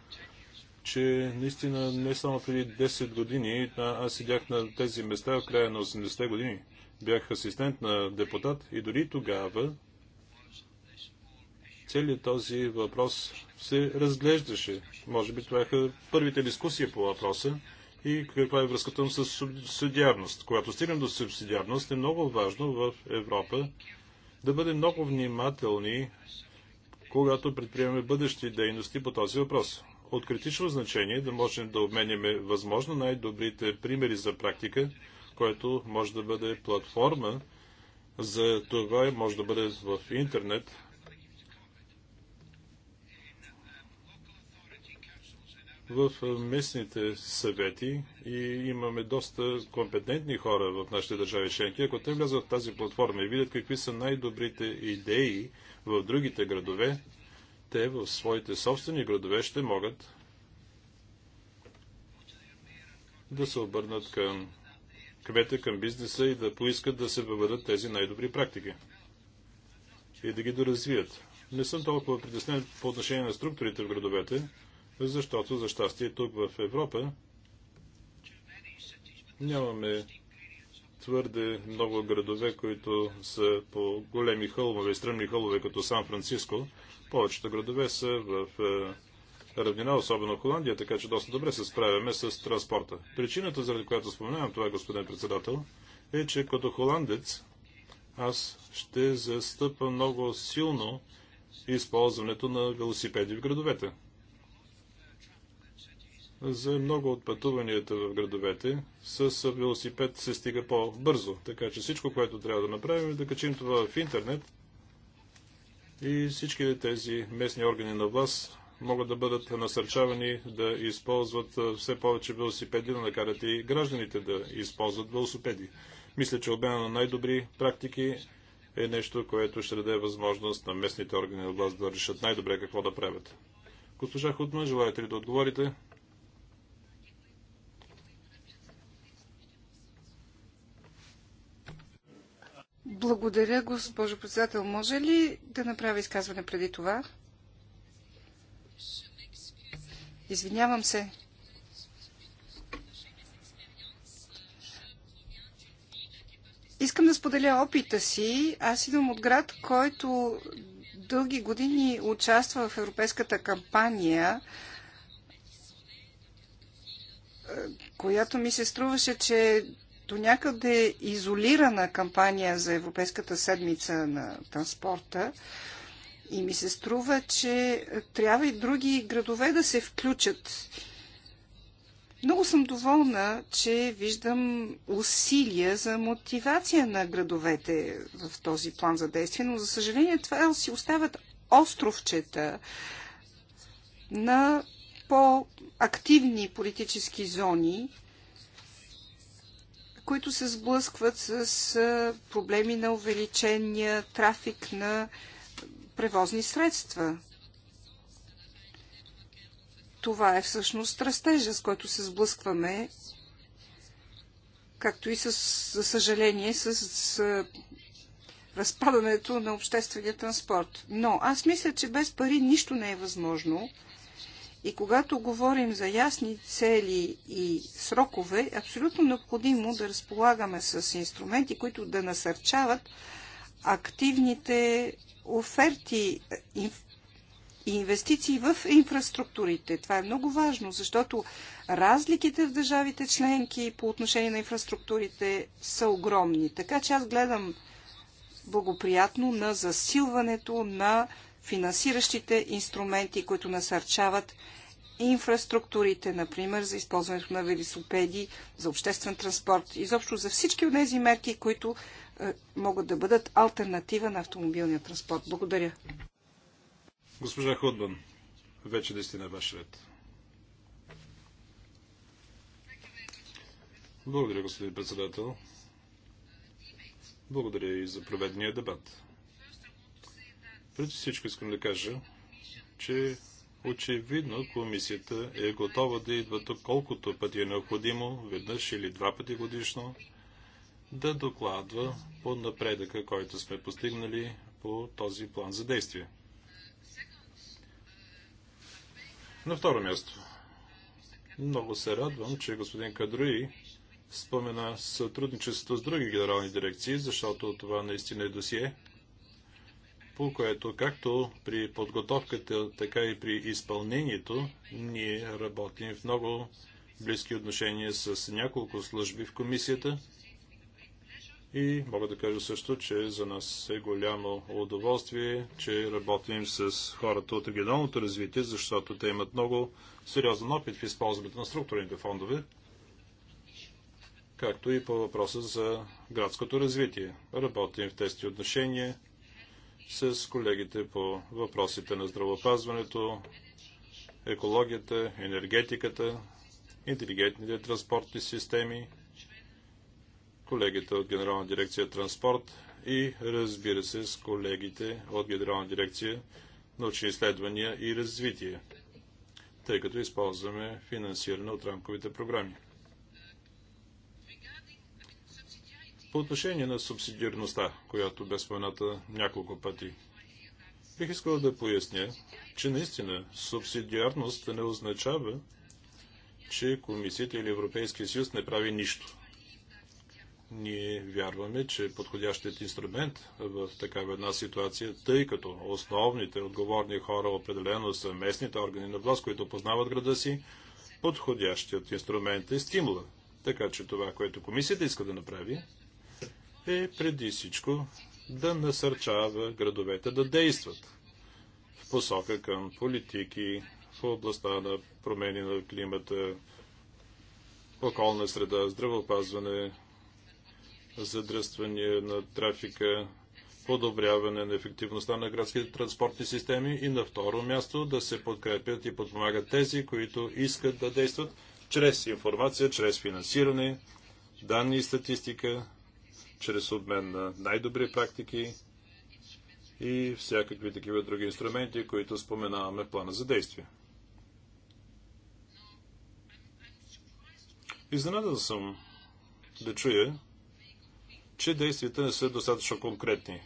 че наистина не само преди 10 години, а аз седях на тези места в края на 80-те години бях асистент на депутат и дори тогава целият този въпрос се разглеждаше. Може би това е първите дискусии по въпроса и каква е връзката му с субсидиарност. Когато стигнем до субсидиарност, е много важно в Европа да бъдем много внимателни, когато предприемаме бъдещи дейности по този въпрос. От критично значение е да можем да обменяме възможно най-добрите примери за практика, което може да бъде платформа за това и може да бъде в интернет. В местните съвети и имаме доста компетентни хора в нашите държави членки. Ако те влязат в тази платформа и видят какви са най-добрите идеи в другите градове, те в своите собствени градове ще могат да се обърнат към кмета към бизнеса и да поискат да се въведат тези най-добри практики и да ги доразвият. Не съм толкова притеснен по отношение на структурите в градовете, защото за щастие тук в Европа нямаме твърде много градове, които са по големи хълмове, стръмни хълмове, като Сан Франциско. Повечето градове са в е, равнина, особено Холандия, така че доста добре се справяме с транспорта. Причината, заради която споменавам това, господин председател, е, че като холандец аз ще застъпа много силно използването на велосипеди в градовете. За много от пътуванията в градовете с велосипед се стига по-бързо, така че всичко, което трябва да направим е да качим това в интернет и всички тези местни органи на власт могат да бъдат насърчавани да използват все повече велосипеди, да накарат и гражданите да използват велосипеди. Мисля, че обмяна на най-добри практики е нещо, което ще даде възможност на местните органи на власт да решат най-добре какво да правят. Госпожа Хутман, желаете ли да отговорите? Благодаря, госпожо председател. Може ли да направя изказване преди това? Извинявам се. Искам да споделя опита си. Аз идвам от град, който дълги години участва в европейската кампания, която ми се струваше, че до някъде изолирана кампания за Европейската седмица на транспорта. И ми се струва, че трябва и други градове да се включат. Много съм доволна, че виждам усилия за мотивация на градовете в този план за действие, но за съжаление това си остават островчета на по-активни политически зони, които се сблъскват с проблеми на увеличения трафик на превозни средства. Това е всъщност растежа, с който се сблъскваме, както и с, за съжаление, с, с разпадането на обществения транспорт. Но аз мисля, че без пари нищо не е възможно. И когато говорим за ясни цели и срокове, е абсолютно необходимо да разполагаме с инструменти, които да насърчават активните оферти и инвестиции в инфраструктурите. Това е много важно, защото разликите в държавите членки по отношение на инфраструктурите са огромни. Така че аз гледам благоприятно на засилването на финансиращите инструменти, които насърчават инфраструктурите, например за използването на велосипеди, за обществен транспорт, изобщо за всички от тези мерки, които е, могат да бъдат альтернатива на автомобилния транспорт. Благодаря. Госпожа Ходбан, вече наистина е ваш ред. Благодаря, господин председател. Благодаря и за проведения дебат. Преди всичко искам да кажа, че очевидно комисията е готова да идва тук колкото пъти е необходимо, веднъж или два пъти годишно, да докладва по напредъка, който сме постигнали по този план за действие. На второ място. Много се радвам, че господин Кадруи спомена сътрудничество с други генерални дирекции, защото това наистина е досие, по което както при подготовката, така и при изпълнението ние работим в много близки отношения с няколко служби в комисията – и мога да кажа също, че за нас е голямо удоволствие, че работим с хората от регионалното развитие, защото те имат много сериозен опит в използването на структурните фондове, както и по въпроса за градското развитие. Работим в тези отношения с колегите по въпросите на здравопазването, екологията, енергетиката, интелигентните транспортни системи, колегите от Генерална дирекция Транспорт и разбира се с колегите от Генерална дирекция Научни изследвания и развитие, тъй като използваме финансиране от рамковите програми. По отношение на субсидиарността, която бе спомената няколко пъти, бих искал да поясня, че наистина субсидиарност не означава, че комисията или Европейския съюз не прави нищо. Ние вярваме, че подходящият инструмент в такава една ситуация, тъй като основните отговорни хора определено са местните органи на власт, които познават града си, подходящият инструмент е стимула. Така че това, което комисията иска да направи, е преди всичко да насърчава градовете да действат в посока към политики в областта на промени на климата, околна среда, здравеопазване, задръствания на трафика, подобряване на ефективността на градските транспортни системи и на второ място да се подкрепят и подпомагат тези, които искат да действат чрез информация, чрез финансиране, данни и статистика, чрез обмен на най-добри практики и всякакви такива други инструменти, които споменаваме в плана за действие. Изненадан съм да чуя, че действията не са достатъчно конкретни.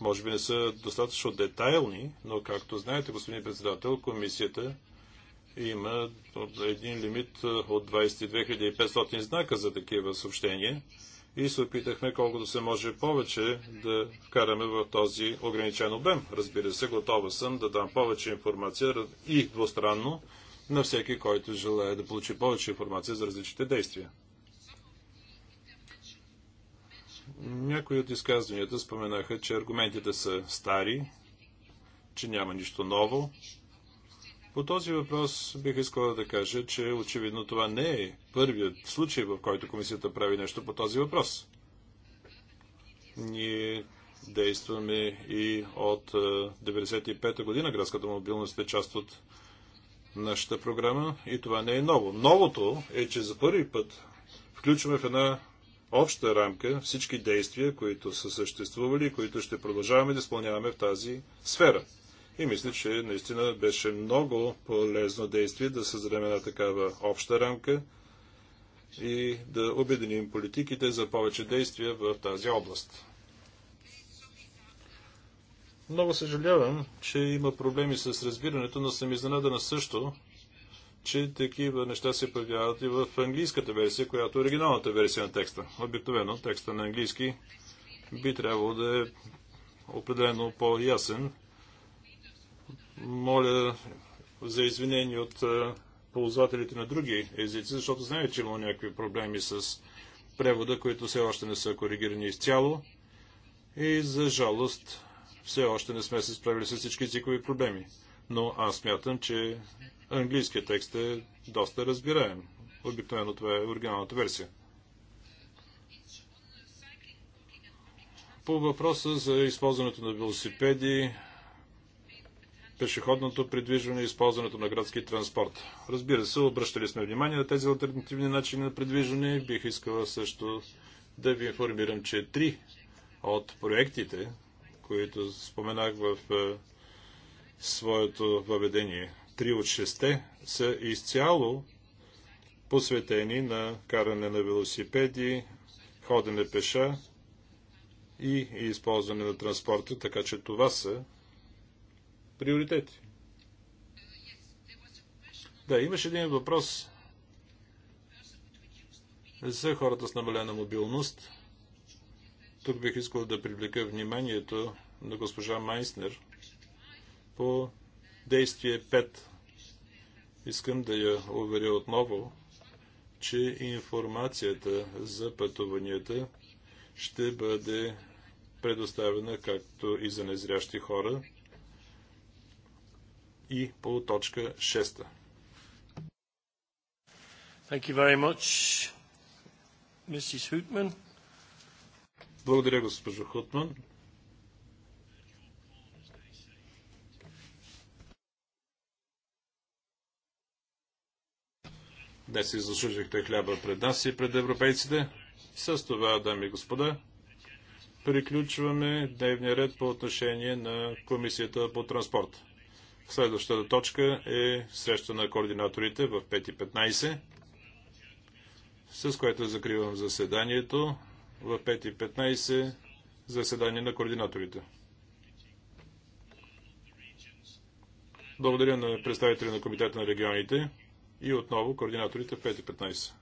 Може би не са достатъчно детайлни, но както знаете, господин председател, комисията има един лимит от 22 500 знака за такива съобщения и се опитахме колкото се може повече да вкараме в този ограничен обем. Разбира се, готова съм да дам повече информация и двустранно на всеки, който желая да получи повече информация за различните действия. Някои от изказванията споменаха, че аргументите са стари, че няма нищо ново. По този въпрос бих искала да кажа, че очевидно това не е първият случай, в който комисията прави нещо по този въпрос. Ние действаме и от 1995 е, година. Градската мобилност е част от нашата програма и това не е ново. Новото е, че за първи път включваме в една обща рамка всички действия, които са съществували и които ще продължаваме да изпълняваме в тази сфера. И мисля, че наистина беше много полезно действие да създадем една такава обща рамка и да обединим политиките за повече действия в тази област. Много съжалявам, че има проблеми с разбирането, но съм изненадана също, че такива неща се появяват и в английската версия, която е оригиналната версия на текста. Обикновено текста на английски би трябвало да е определено по-ясен. Моля за извинение от ползвателите на други езици, защото знаят, че има някакви проблеми с превода, които все още не са коригирани изцяло. И за жалост все още не сме се справили с всички езикови проблеми. Но аз мятам, че английският текст е доста разбираем. Обикновено това е оригиналната версия. По въпроса за използването на велосипеди, пешеходното придвижване и използването на градски транспорт. Разбира се, обръщали сме внимание на тези альтернативни начини на придвижване. Бих искала също да ви информирам, че три от проектите, които споменах в е, своето въведение три от шесте са изцяло посветени на каране на велосипеди, ходене пеша и използване на транспорта, така че това са приоритети. Да, имаше един въпрос за хората с намалена мобилност. Тук бих искал да привлека вниманието на госпожа Майснер по Действие 5. Искам да я уверя отново, че информацията за пътуванията ще бъде предоставена както и за незрящи хора и по точка 6. Thank you very much, Mrs. Hootman. Благодаря, госпожо Хутман. днес заслужихте хляба пред нас и пред европейците. С това, дами и господа, приключваме дневния ред по отношение на Комисията по транспорт. Следващата точка е среща на координаторите в 5.15, с което закривам заседанието в 5.15 заседание на координаторите. Благодаря на представители на Комитета на регионите. И отново координаторите 5.15.